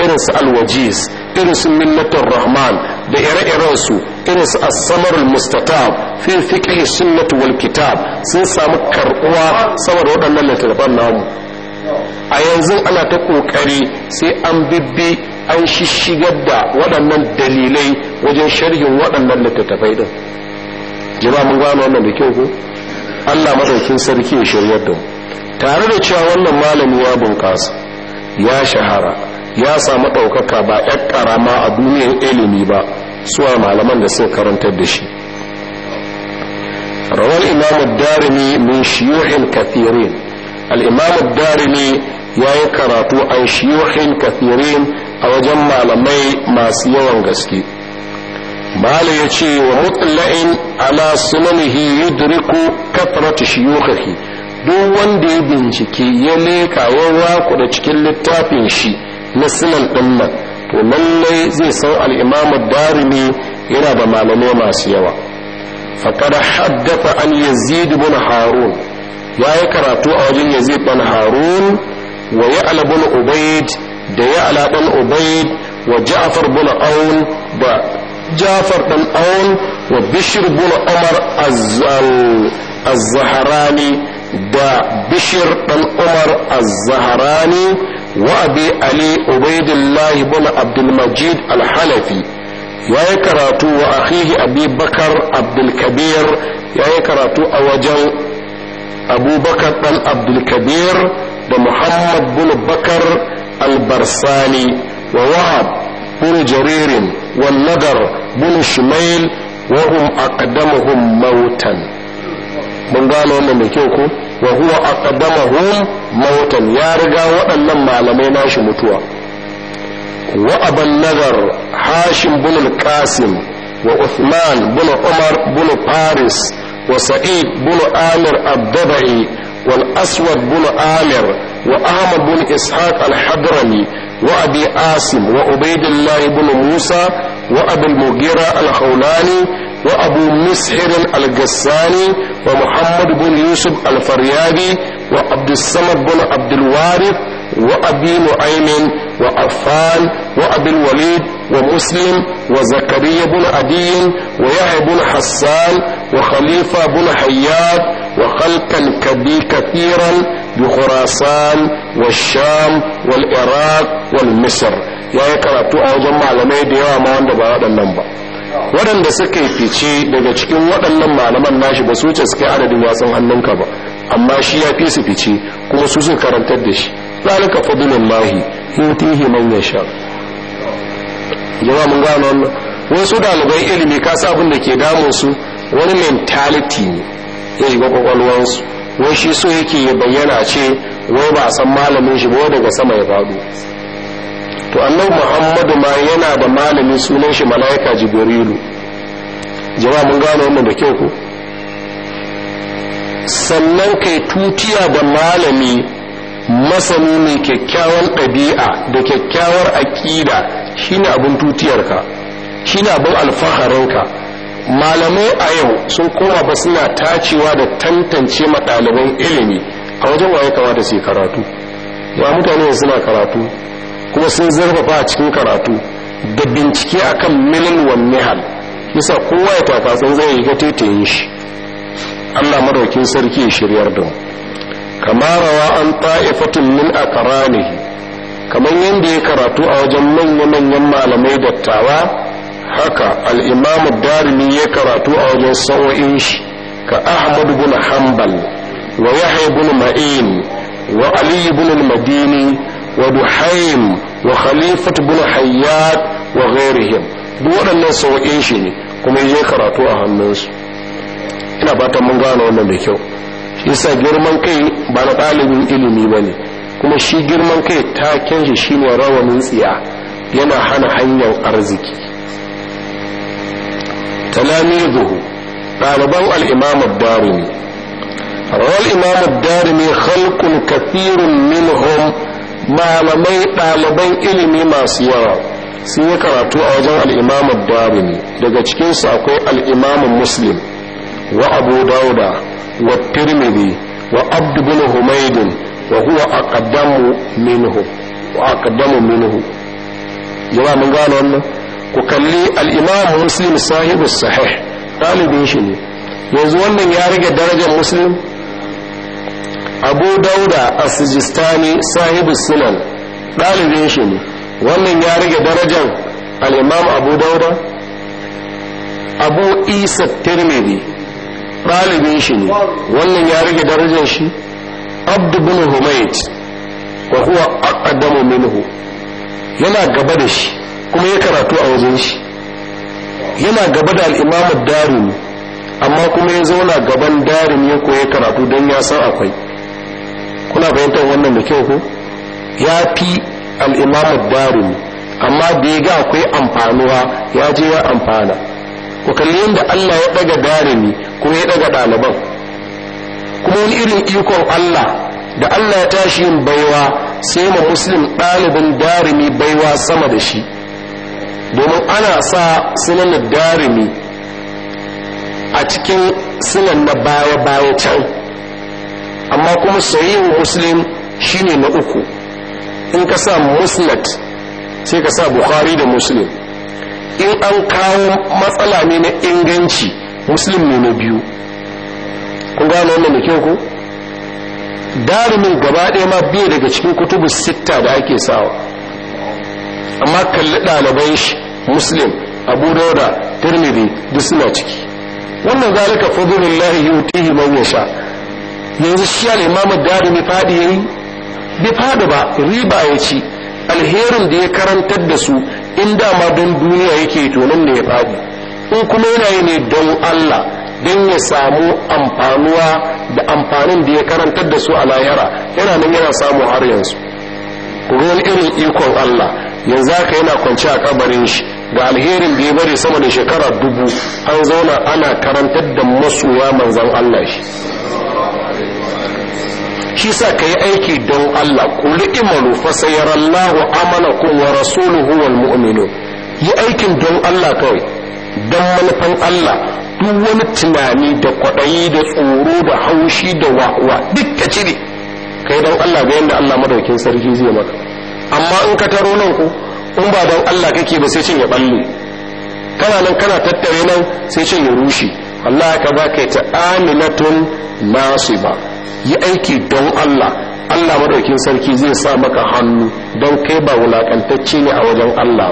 A: irin su alwajiz irin su minnatar rahman da ire-iren su irin su asamarul mustatab fi fiqh sunnah wal kitab sun samu karbuwa saboda waɗannan littattafan namu a yanzu ana ta kokari sai an bibbi an shishigar da waɗannan dalilai wajen sharhin waɗannan littattafai ɗin jima mun gano wannan da kyau ko allah madaukin sarki ya shirya da tare da cewa wannan malami ya bunƙasa ya shahara ya samu ɗaukaka ba ƴar ƙarama a duniyar ilimi ba suwa malaman da suka karantar da shi rawar imamu darimi min shiyuhin kafirin. al'imamu darimi ya yi karatu an shiyohin kafirin a wajen malamai masu yawan gaske mala ya ce wa mutla'in ala sunanihi yudriku kafaratu shiyuhihi duk wanda ya bincike ya leka ya raku da cikin littafin shi na sunan ɗin to lallai zai san al'imamu darimi yana da malamai masu yawa faƙar haddata an yazid bin harun ya yi karatu a wajen yazid ɗan harun wa ya alabun ubaid da ya alaɓan ubaid wa ja'far bin aun da ja'afar ɗan aun wa bishir bin umar az zaharani da bishir ɗan umar az zaharani wa abi ali ubaidullahi bin abdulmajid alhalafi ya yi karatu wa akhihi abi bakar abdulkabir ya yi karatu a wajen abubakar ɗan abdulkabir da muhammad bin bakar albarsani wa wahab bin jaririn wa nadar bin shumail wa hum aqdamuhum mautan mun gane wannan da kyau ko wa huwa aqdamuhum mautan ya riga waɗannan malamai nashi mutuwa wa aban hashim bin qasim wa uthman bin umar bin faris وسعيد بن عامر الضبعي والأسود بن عامر وأحمد بن إسحاق الحضرمي وأبي عاصم وعبيد الله بن موسى وأبي المغيرة الخولاني وأبو مسحر الجساني ومحمد بن يوسف الفريابي وعبد الصمد بن عبد الوارث وأبي نعيم وعفان وأبي الوليد ومسلم وزكريا بن عدي ويحيى بن حسان وخليفة بن حياد وخلقا كثيرا بخراسان والشام والعراق والمصر يا يكرتو أو da لمي ديوا ما ba waɗannan ba waɗanda suka yi fice daga cikin waɗannan malaman nashi ba su wuce suka adadin yatsun hannunka ba amma shi ya fi su fice kuma su sun karantar da shi zalika fadlullahi yutihi man yasha jama'a mun gano wannan wasu dalibai ilimi ka sa abin da ke damun su wani mentality ne ya shiga su wai shi so yake ya bayyana ce wai ba a san malamin shi ba daga sama ya faɗo to annabi muhammadu ma yana da malami sunan shi malaika jibrilu jama'a mun gano wannan da kyau ko sannan kai tutiya da malami masani mai kyakkyawar ɗabi'a da kyakkyawar aƙida shi ne abin tutiyarka shine abin alfaharinka malamai a yau sun koma ba suna tacewa da tantance ɗaliban ilimi a wajen waye kamata su karatu ba mutane da suna karatu kuma sun zarfafa a cikin karatu da bincike akan milin wa nihal nisa kowa ya tafasan zai yi ga tetayin shi Allah maɗaukin sarki ya shiryar da mu kama rawa an ta'ifatun min aqranihi kamar yadda ya karatu a wajen manya-manyan malamai dattawa haka al-imam darimi ya karatu a wajen sa'o'in shi ka ahmad bin hanbal wa yahya bin ma'in wa ali bin madini wa duhaim wa khalifat bin hayyat wa gairihim duk waɗannan sa'o'in shi ne kuma ya karatu a hannunsu ina fatan mun gane wannan da kyau shi girman kai ba na ɗalibin ilimi ba ne kuma shi girman kai ta kyanshi shi shine rawanin tsiya yana hana hanyar arziki zuhu ɗaliban al'imamar darimi rawar imamar darimi halkun kafirun minhum malamai ɗaliban ilimi masu yawa sun yi karatu a wajen al'imamar darimi daga cikinsu akwai al'imamin muslim wa abu dauda wa وعبد wa حميد وهو humayd منه huwa منه minhu من aqdamu minhu jama'a mun gano wannan ku kalli al-imam muslim sahibus sahih talibin shi wannan ya rage darajar muslim abu dauda as sunan shi wannan ya rage darajar al-imam abu dauda abu isa tirmidhi ɗalibin shi ne wannan ya rage darajar shi abdu bin humayt wa huwa aqdamu minhu yana gaba da shi kuma ya karatu a wajen shi yana gaba da al-imam darimi amma kuma ya zauna gaban darimi ya koyi karatu dan ya san akwai kuna fahimtar wannan da kyau ko ya fi al-imam darimi amma da ya ga akwai amfanuwa ya je ya amfana ku kalli yadda Allah ya daga darimi kuma ya daga ɗaliban kuma wani irin ikon Allah da Allah ya tashi yin baiwa sai ma muslim ɗalibin darimi baiwa sama da shi domin ana sa sunan darimi a cikin sunan na baya-baya can amma kuma sahihu muslim shine na uku in ka sa musnad sai ka sa bukhari da muslim in an kawo matsala ne na inganci muslim ne na biyu kun gano wannan da kyau ko darumin gaba ɗaya ma biya daga cikin kutubu sitta da ake sawa amma kalli ɗaliban shi muslim abu dauda tirmidhi duk suna ciki wannan zalika fadlullahi yutihi man yasha yanzu shi ya al-imam darimi fadi yayi bi fadi ba riba ya ci alherin da ya karantar da su in dama don duniya yake to nan ne ya faɗi in kuma yana yi ne don Allah don ya samu amfanuwa da amfanin da ya karantar da su a layara yana nan yana samu har yanzu kuma irin ikon Allah yanzu haka yana kwance a kabarin shi ga alherin da ya bari sama da shekara dubu an zauna ana karantar da masoya manzan Allah shi shi sa ka yi aiki don Allah kulli imalu fa sayarallahu amalakum wa rasuluhu wal mu'minun yi aikin don Allah kawai don manufan Allah duk wani tunani da kwaɗayi da tsoro da haushi da wakuwa duk ka cire yi don Allah ga yadda Allah madaukin sarki zai maka amma in ka taro nan ko in ba don Allah kake ba sai cin ya balle kana nan kana tattare nan sai cin ya rushe Allah ka ba kai ta aminatun nasiba yi aiki don Allah Allah madaukin sarki zai sa maka hannu don kai ba wulakantacce ne a wajen Allah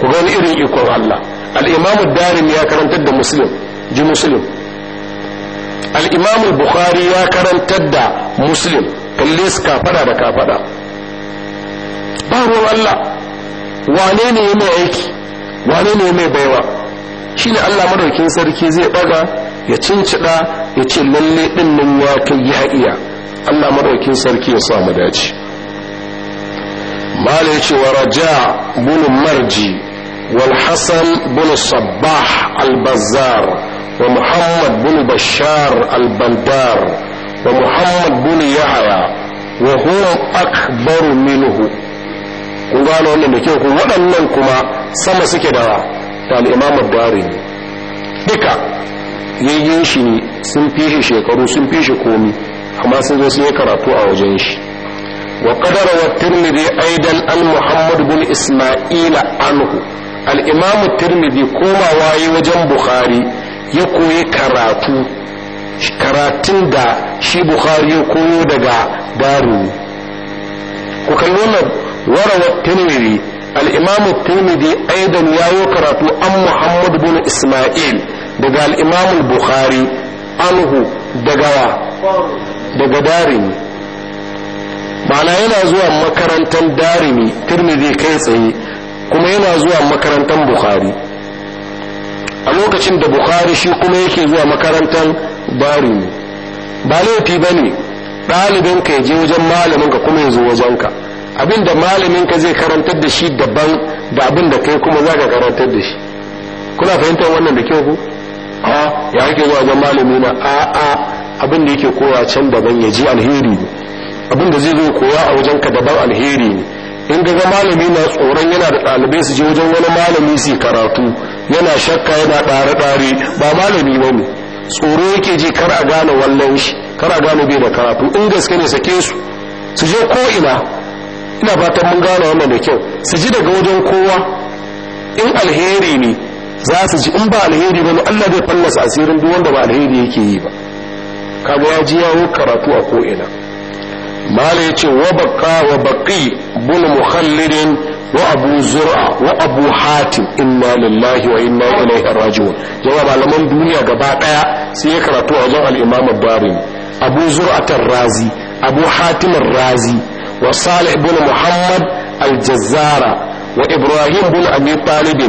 A: ba ku ga wani irin ikon Allah al-Imam Darim ya karantar da Muslim ji Muslim al-Imam Bukhari ya karantar da Muslim kalle su fada da kafada ba ruwan Allah wane ne ya mai aiki wane ne ya mai baiwa shine Allah madaukin sarki zai daga ya cincida ya ce lalle ɗin nan ya kai ya iya allah maɗaukin sarki ya samu mu dace mala ya ce wa raja bunu marji wal hasan bunu sabbah albazar wa muhammad bunu bashar albandar wa muhammad bunu yahaya wa huwa akbaru minhu kun gano wannan da kyau ku waɗannan kuma sama suke da ta al'imamar darin duka yayin shi ne sun fi shi shekaru sun fi shi komi amma sun zo sun yi karatu a wajen shi wa qadara wa tirmidhi aidan al muhammad bin isma'ila anhu al imam tirmidhi koma wayi wajen bukhari ya koyi karatu karatun da shi bukhari ya koyo daga daru ku kalli wannan warawa tirmidhi al imam tirmidhi aidan yayi karatu an muhammad bin isma'il daga al'imamul bukhari Alhu, daga wa daga darimi ma'ana yana zuwa makarantar darimi tirmidhi kai tsaye kuma yana zuwa makarantar bukhari a lokacin da bukhari shi kuma yake zuwa makarantar darimi ba laifi ba ne ɗalibinka ya je wajen malaminka kuma ya zo wajenka abin da malaminka zai karantar da shi daban da abin da kai kuma za ka karantar da shi kuna fahimtar wannan da kyau ku a ya ake zuwa ga malami na a a abin da yake koya can daban ya ji alheri ne abin da zai zo koya a wajen ka daban alheri ne in ga malami na tsoron yana da ɗalibai su je wajen wani malami su karatu yana shakka yana ɗare ɗare ba malami ba ne tsoro yake ji kar a gane wallan shi kar a gane bai da karatu in gaske ne sake su su je ko ina ina fatan mun gane wannan da kyau su ji daga wajen kowa in alheri ne za su ji in ba alheri ba Allah zai fallasa asirin duk wanda ba alheri yake yi ba kaga ya ji yawo karatu a ko'ina mala ya ce wa baka wa baki bul mukhallidin wa abu zur'a wa abu hatim inna lillahi wa inna ilaihi raji'un jawab malaman duniya gaba daya sai ya karatu a wajen al-imam ad abu zur'atar razi abu hatim razi wa salih ibn muhammad al-jazzara وإبراهيم بن أبي طالب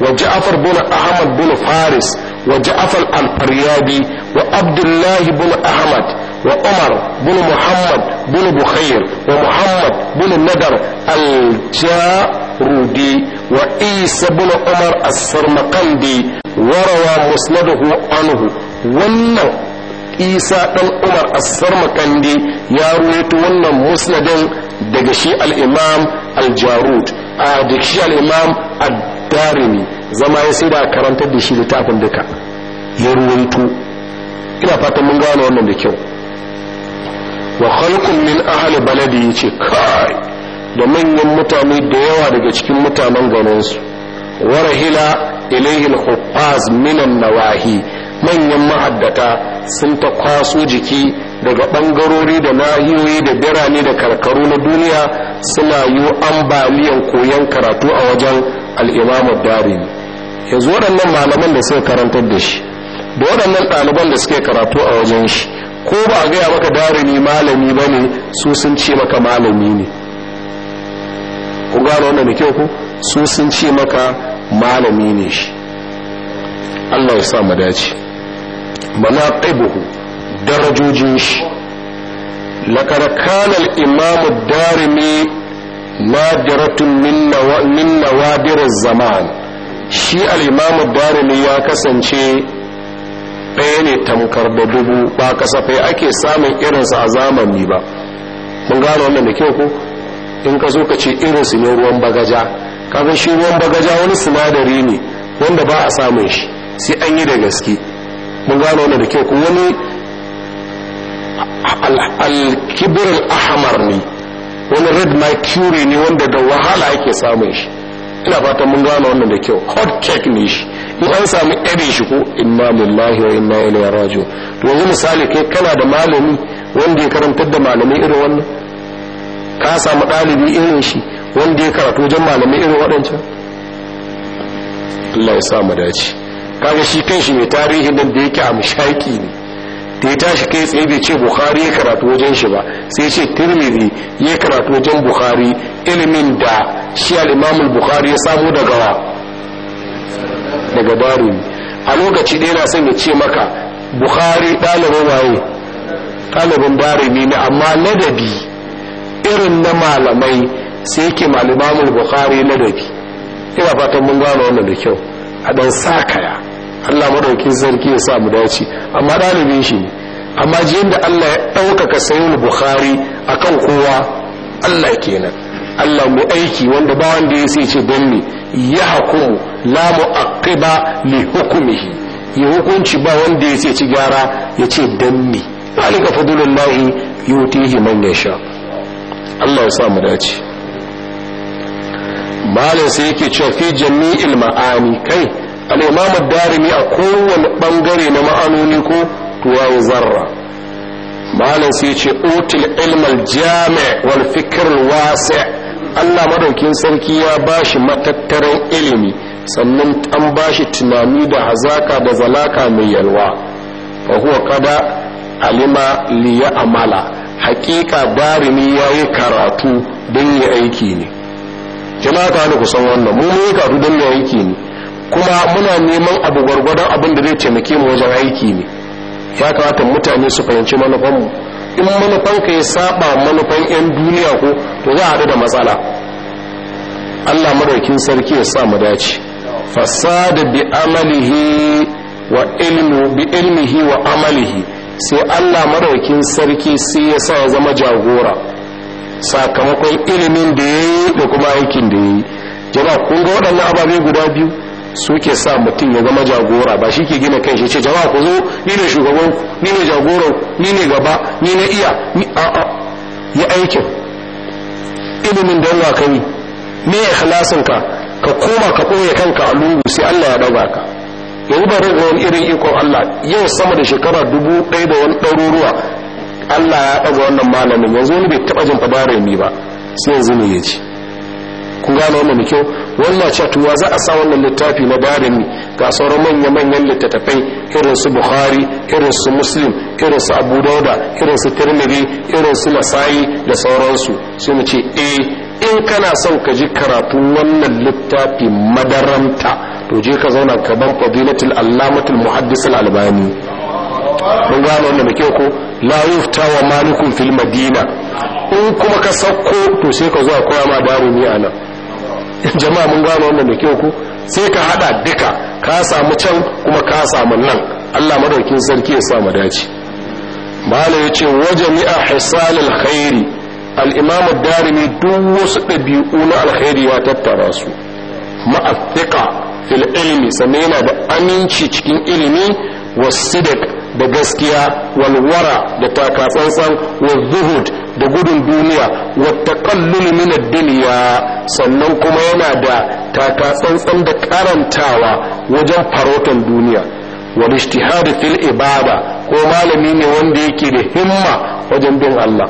A: وجعفر بن أحمد بن فارس وجعفر الفريابي وعبد الله بن أحمد وعمر بن محمد بن بخير ومحمد بن ندر الجارودي وعيسى بن عمر السرمقندي وروى مسنده عنه ونو isa ɗan umar as-sarmakandi ya ruwaito wannan musnadin daga shi al-imam al-jarud a da shi al'imam zama ya sai da karantar da shi littafin duka ya ruwaito ina fatan mun gane wannan da kyau wa halkun min ahli baladi yace kai da manyan mutane da yawa daga cikin mutanen garinsu wara hila ilayhi al-huffaz nawahi manyan mahaddata sun ta kwaso jiki daga ɓangarori da nahiyoyi da birane da karkaru na duniya suna yi ambaliyan koyon karatu a wajen al'imamu darimi yanzu waɗannan malaman da suka karantar da shi da waɗannan ɗaliban da suke karatu a wajen shi ko ba a gaya maka darini malami ba ne su sun ce maka malami ne ku gano wanda da kyau ku su sun ce maka malami ne shi allah ya sa mu dace mana ɗaibuhu darajojin shi لقد كان الإمام الدارمي نادرة من من نوادر shi شي الإمام الدارمي يا ɗaya ne tamkar da dubu ba kasafai ake samun irinsa a zamani ba mun gano wannan da kyau ko in ka zo ka ce irinsu ne ruwan bagaja kaga shi ruwan bagaja wani sinadari ne wanda ba a samun shi sai an yi da gaske mun gano wannan da kyau ko wani al ahmar ne wani red mercury ne wanda da wahala ake samu shi ina fata mun gano wannan da kyau hot cake ne shi in an samu irin shi ko inna lillahi wa inna ilaihi raji'un to yanzu misali kai kana da malami wanda ya karantar da malami irin wannan ka samu dalibi irin shi wanda ya karatu wajen malami irin waɗancan Allah ya sa mu dace kaga shi kanshi mai tarihi nan da yake amshaki ne da ya tashi kai tsaye bai ce bukhari ya karatu wajen shi ba sai ce tirmidhi ya karatu wajen bukhari ilimin da shi al bukhari ya samu daga wa daga darumi a lokaci da yana son ya ce maka bukhari ɗalibin waye ɗalibin darumi ne amma ladabi irin na malamai sai yake malimamul bukhari ladabi ina fatan mun gano wannan da kyau a ɗan sa kaya Allah madaukin sarki ya sa mu dace amma ɗalibin shi ne amma jiyan da Allah ya ɗaukaka sayin bukhari akan kowa Allah kenan Allah mu aiki wanda ba wanda ya sai ce don ne ya hakumu la mu'aqqiba li hukmihi ya hukunci ba wanda ya sai ci gyara ya ce don ne alika fadlullahi yutihi man yasha Allah ya sa mu dace malam sai yake cewa fi jami'il ma'ani kai al'imam darimi a kowane ɓangare na ma'anoni ko tuwan zarra malam sai ce otil ilmal jami wal fikir wasi allah madaukin sarki ya bashi shi matattaran ilimi sannan an ba shi tunani da hazaka da zalaka mai yalwa fa huwa kada alima liya amala hakika darimi ya yi karatu don yi aiki ne jama'a ta ku san wannan mu yi karatu don yi aiki ne kuma muna neman abu gwargwadon abin da zai taimake mu wajen aiki ne ya kamata mutane su fahimci manufanmu in manufan ka ya saba manufan 'yan duniya ko to za a haɗu da matsala allah madaukin sarki ya sa mu dace fasada bi amalihi wa ilmu bi ilmihi wa amalihi sai allah madaukin sarki sai ya sa ya zama jagora sakamakon ilimin da ya yi da kuma aikin da ya yi jama'a kun ga waɗannan ababe guda biyu suke sa mutum ya zama jagora ba shi ke gina kai shi ce jama'a ku zo ni ne shugaban ni ne jagora ni ne gaba ni ne iya ni a a ya aikin ilimin da yawa kai me ikhlasin ka ka koma ka koya kanka a lungu sai Allah ya dauka ka ya ba rin wani irin ikon Allah yau sama da shekara dubu ɗaya da wani ɗaruruwa Allah ya ɗaga wannan malamin yanzu wani bai taɓa jin tabarami ba sai yanzu ne ya ci kun gane wannan mai kyau wannan cewa za a sa wannan littafi na darimi ga sauran manya-manyan littattafai irin su bukhari irin su muslim irin su abu dauda irin su tirmidhi irin su nasayi da sauransu sai mu ce eh in kana son ka ji karatun wannan littafi madaranta to je ka zauna ka ban fadilatul allamatul muhaddis albani mun gane wannan mai kyau ko la yufta wa malikun fil madina in kuma ka sauko to sai ka zo a koya ma a anan jama'a mun gano wannan da kyau ko sai ka hada duka ka samu can kuma ka samu nan Allah madaukin sarki ya sa mu dace mala yace wajami'a jami'a hisalil khairi al-imam ad-darimi duk wasu dabi'u na alkhairi ya tattara su ma'athiqa fil ilmi sannan da aminci cikin ilimi wasidq da gaskiya walwara da takatsantsan wa zuhud da gudun duniya wa taqallul min ad-dunya sannan kuma yana da takatsantsan da karantawa wajen farautan duniya wal ijtihad fil ibada ko malami ne wanda yake da himma wajen bin Allah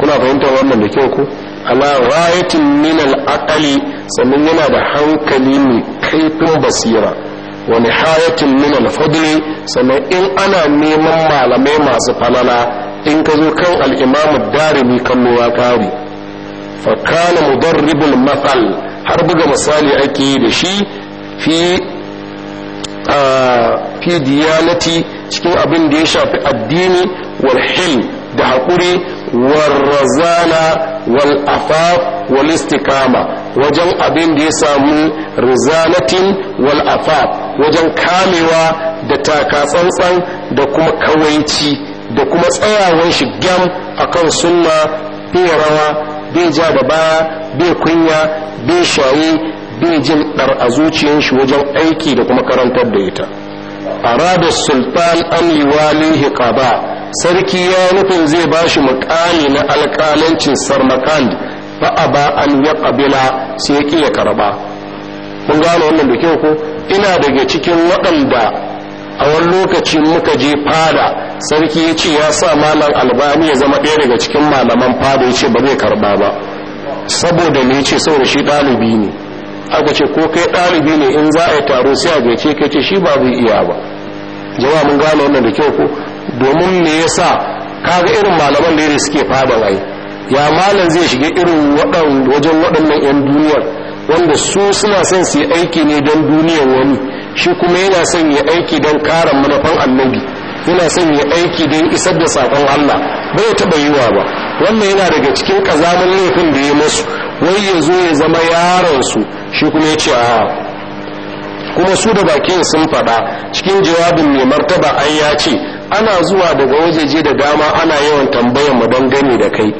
A: kuna fahimtar wannan da kyau ko ala rayatin min al-aqli sannan yana da hankali mai kaifin basira wani hayatin min alfadli sannan in ana neman malamai masu falala in ka zo kan al'imamu darimi kan nuwa kari fakana mudarribul matsal har buga misali ake yi da shi fi diyanati cikin abin da ya shafi addini walhil da haƙuri warrazana wal afaf wal wajen abin da ya samu rizanatin wal afaf wajen kamewa da taka tsantsan da kuma kawaici da kuma tsayawan shi gam akan sunna bai rawa bai ja da baya bai kunya bai shaye bai jin dar a zuciyarshi wajen aiki da kuma karantar da ita arada sultan an liwalihi hiƙaba. sarki ya nufin zai ba shi mukami na alkalancin sarmakand ba a ba an ya ƙabila sai ya ƙiya karba mun gano wannan da kyau ko ina daga cikin waɗanda a wani lokaci muka je fada sarki ya ce ya sa malam albani ya zama ɗaya daga cikin malaman fada ya ce ba zai karba ba saboda ne ce saboda shi ɗalibi ne aka ce ko kai ɗalibi ne in za a yi taro sai a gaice kai ce shi ba zai iya ba jama'a mun gane wannan da kyau ko domin me yasa kaga irin malaman da suke faɗin ai ya malam zai shiga irin wajen waɗannan 'yan duniyar wanda su suna son su yi aiki ne don duniyar wani shi kuma yana son yi aiki don karan manufan annabi yana son ya aiki don isar da sakon Allah bai taɓa yiwa ba wannan yana daga cikin kazamin laifin da ya masu wai ya zo ya zama yaransu shi kuma ya ce a kuma su da bakin sun faɗa cikin jawabin mai martaba an ya ce ana zuwa daga wajeje da dama ana yawan tambayan mu don gani da kai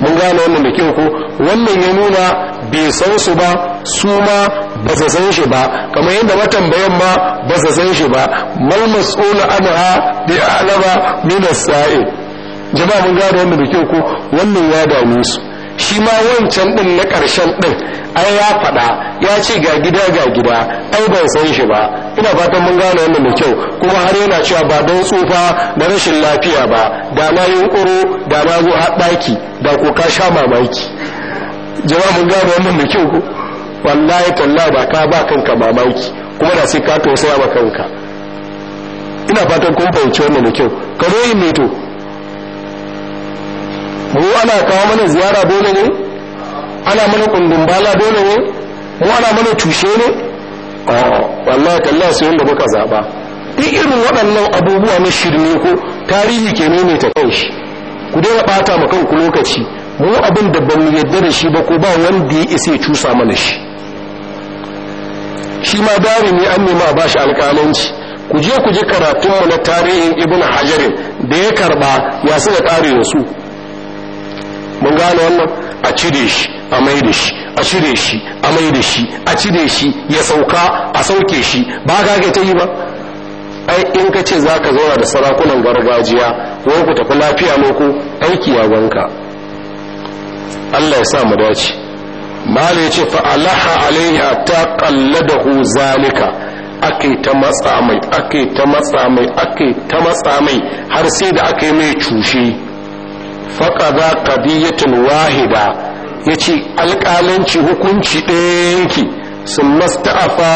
A: mun gane wannan da kyau ko wannan ya nuna bai san su ba su ma ba su san shi ba kamar yadda matambayan ma ba su san shi ba mal mas'ulu anha bi alaba min as sai jama'a mun gane wannan da kyau ko wannan ya dame su shi ma wancan ɗin na ƙarshen ɗin ai ya faɗa ya ce ga gida ga gida ai ban san shi ba ina fatan mun gane wannan da kyau kuma har yana cewa ba don tsufa da rashin lafiya ba da na yunƙuro da na zo haɗaki da ko ka sha mamaki Jama mun gane wannan da kyau ko wallahi talla ba ka ba kanka mamaki kuma da sai ka tausaya ma kanka ina fatan kun fahimci wannan da kyau ka zo yin meto mu ana kawo mana ziyara dole ne ana mana kundin bala dole ne mu ana mana tushe ne ah, wallahi kalla sai wanda muka zaba duk irin waɗannan abubuwa na shirme ko tarihi ke nune ta kanshi shi ku daina bata ma kanku lokaci mu abin da ban yadda da shi ba ko ba wanda ya isa ya cusa mana shi shi ma dari ne an nema a bashi alƙalanci ku je ku ji karatun mu na tarihin ibn hajarin da ya karba ya suka ƙare da su mun gane wannan a cire shi a mai da shi a cire shi a mai shi a cire shi ya sauka a sauke shi ba ka ga ta yi ba ai in ka ce za ka zauna da sarakunan gargajiya wani ku tafi lafiya muku aiki ya wanka allah ya sa mu dace mala ya ce fa'alaha alaiha ta kalladahu zalika ake ta matsa mai ake ta matsa mai ake ta matsa mai har sai da aka yi mai cushe faƙada qadiyatul wahida yace alƙalanci hukunci ɗayanki sun masta'afa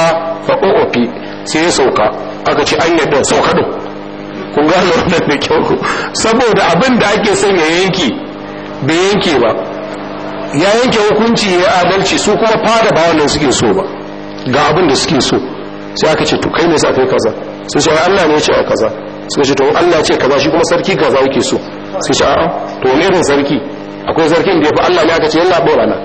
A: fa uqfi sai ya sauka aka ce an yadda sauka din kun gano wannan da kyau saboda abin da ake son ya yanki bai yanke ba ya yanke hukunci ya adalci su kuma fada ba wannan suke so ba ga abin da suke so sai aka ce to kai ne sai kai kaza sai shi Allah ne ya ce a kaza suka ce to Allah ya ce kaza shi kuma sarki kaza yake so sai shi a'a to ne sarki akwai sarkin da ya fi Allah ya kace yalla bora na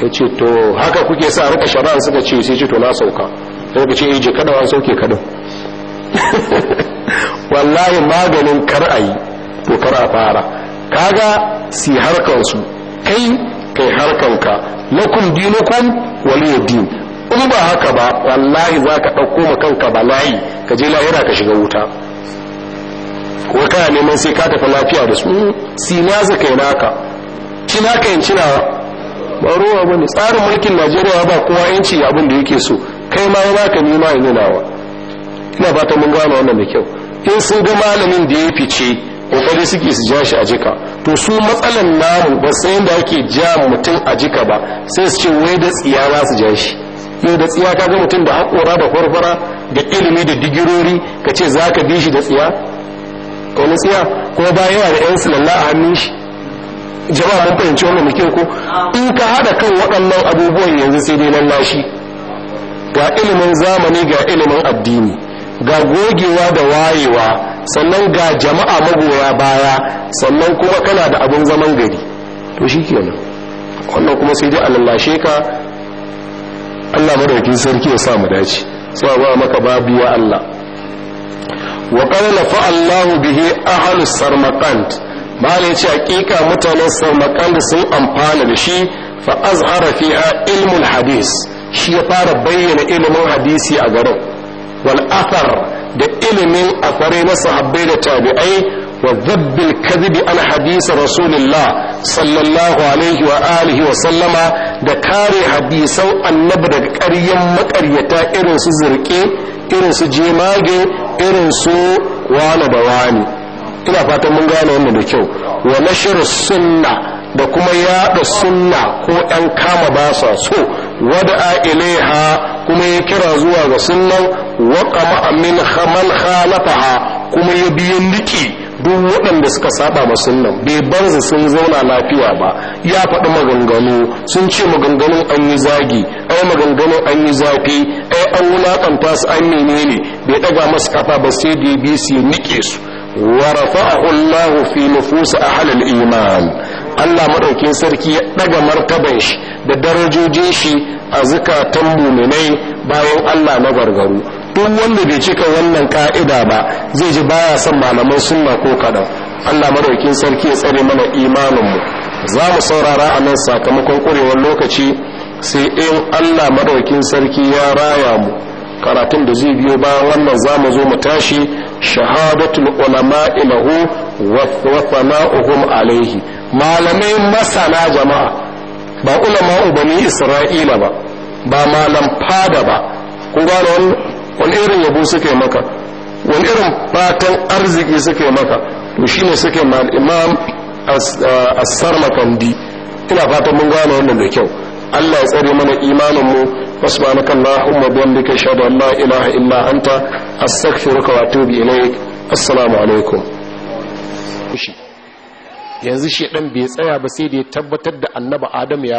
A: ya ce to haka kuke sa rika shari'a suka ce sai ce to na sauka sai ka ce eh je kada an sauke kada wallahi maganin kar ayi to kar a fara kaga si harkan su kai kai harkan ka lakum dinukum waliyadin in ba haka ba wallahi zaka ɗauko ma kanka bala'i ka je lahira ka shiga wuta wa kana neman sai ka tafi lafiya da su mm, sina za yi naka ci naka yin cina ba ruwa bane tsarin mulkin najeriya ba kowa yanci abin da yake so kai ma yana ka nima yanzu wa ina fata mun gane wannan da kyau in sun ga malamin da ya fice kokari suke su ja shi a jika to su matsalan namu ba sai da ake ja mutum a jika ba sai su ce wai da tsiya za su ja shi yau da tsiya ka ga mutum da haƙora da farfara da ilimi da digirori ka ce za ka bi shi da tsiya ƙonisiya ko ba yawa da yan silalla a hannun shi jama'a mun fahimci wannan mukin ko in ka haɗa kan waɗannan abubuwan yanzu sai dai lallashi ga ilimin zamani ga ilimin addini ga gogewa da wayewa sannan ga jama'a magoya baya sannan kuma kana da abun zaman gari to shi kenan wannan kuma sai dai a lallashe ka allah madaukin sarki ya sa mu dace sai a maka babu ya allah wa qala fa Allahu bihi ahlus sarmaqand bala ce hakika mutanen sarmaqand sun amfana da shi fa azhara fiha ilmul hadis shi ya fara bayyana ilimin hadisi a garin wal athar da ilimin athare na sahabbai da tabi'ai وذب الكذب al حديث رسول sallallahu alaihi wa عليه wa وسلم da kare hadisan annabi daga ƙaryan maƙaryata irin su zirke irin su jemage irin su wani da wani ina fatan mun gane wannan da kyau wa nashar sunna da kuma yada sunna ko ɗan kama ba sa so wada'a ilaiha kuma ya kira zuwa ga sunnan wa qama min khamal kuma ya biyan niki duk waɗanda suka saba ma sunnan bai banza sun zauna lafiya ba ya faɗi maganganu sun ce maganganun an yi zagi ai maganganun an yi zafi ai an wulaƙanta su an menene bai ɗaga masu kafa ba sai da bi su nike su ورفعه الله في a halin iman. Allah maɗaukin sarki ya ɗaga martaban shi da darajojin shi a mai muminai bayan Allah na gargaru duk wanda bai cika wannan ka'ida ba zai ji baya son malaman sunna ko kaɗan allah maraukin sarki ya tsare mana imaninmu za mu saurara a nan sakamakon ƙurewar lokaci sai in allah madaukin sarki ya raya mu karatun da zai biyo bayan wannan za mu zo mu tashi shahadatul ulama ilahu wa thana'uhum alaihi malamai masana jama'a ba ulama bani isra'ila ba ba malam fada ba kun gano wannan wani irin yabo suka yi maka wani irin fatan arziki suka maka to shine suke ma imam uh, as-sarmakandi ina fatan mun gane wannan da kyau Allah ya tsare mana imanin mu subhanaka allahumma bihamdika ke an la ilaha illa anta astaghfiruka wa atubu assalamu alaikum yanzu shi dan bai tsaya ba sai da ya tabbatar da annabi adam ya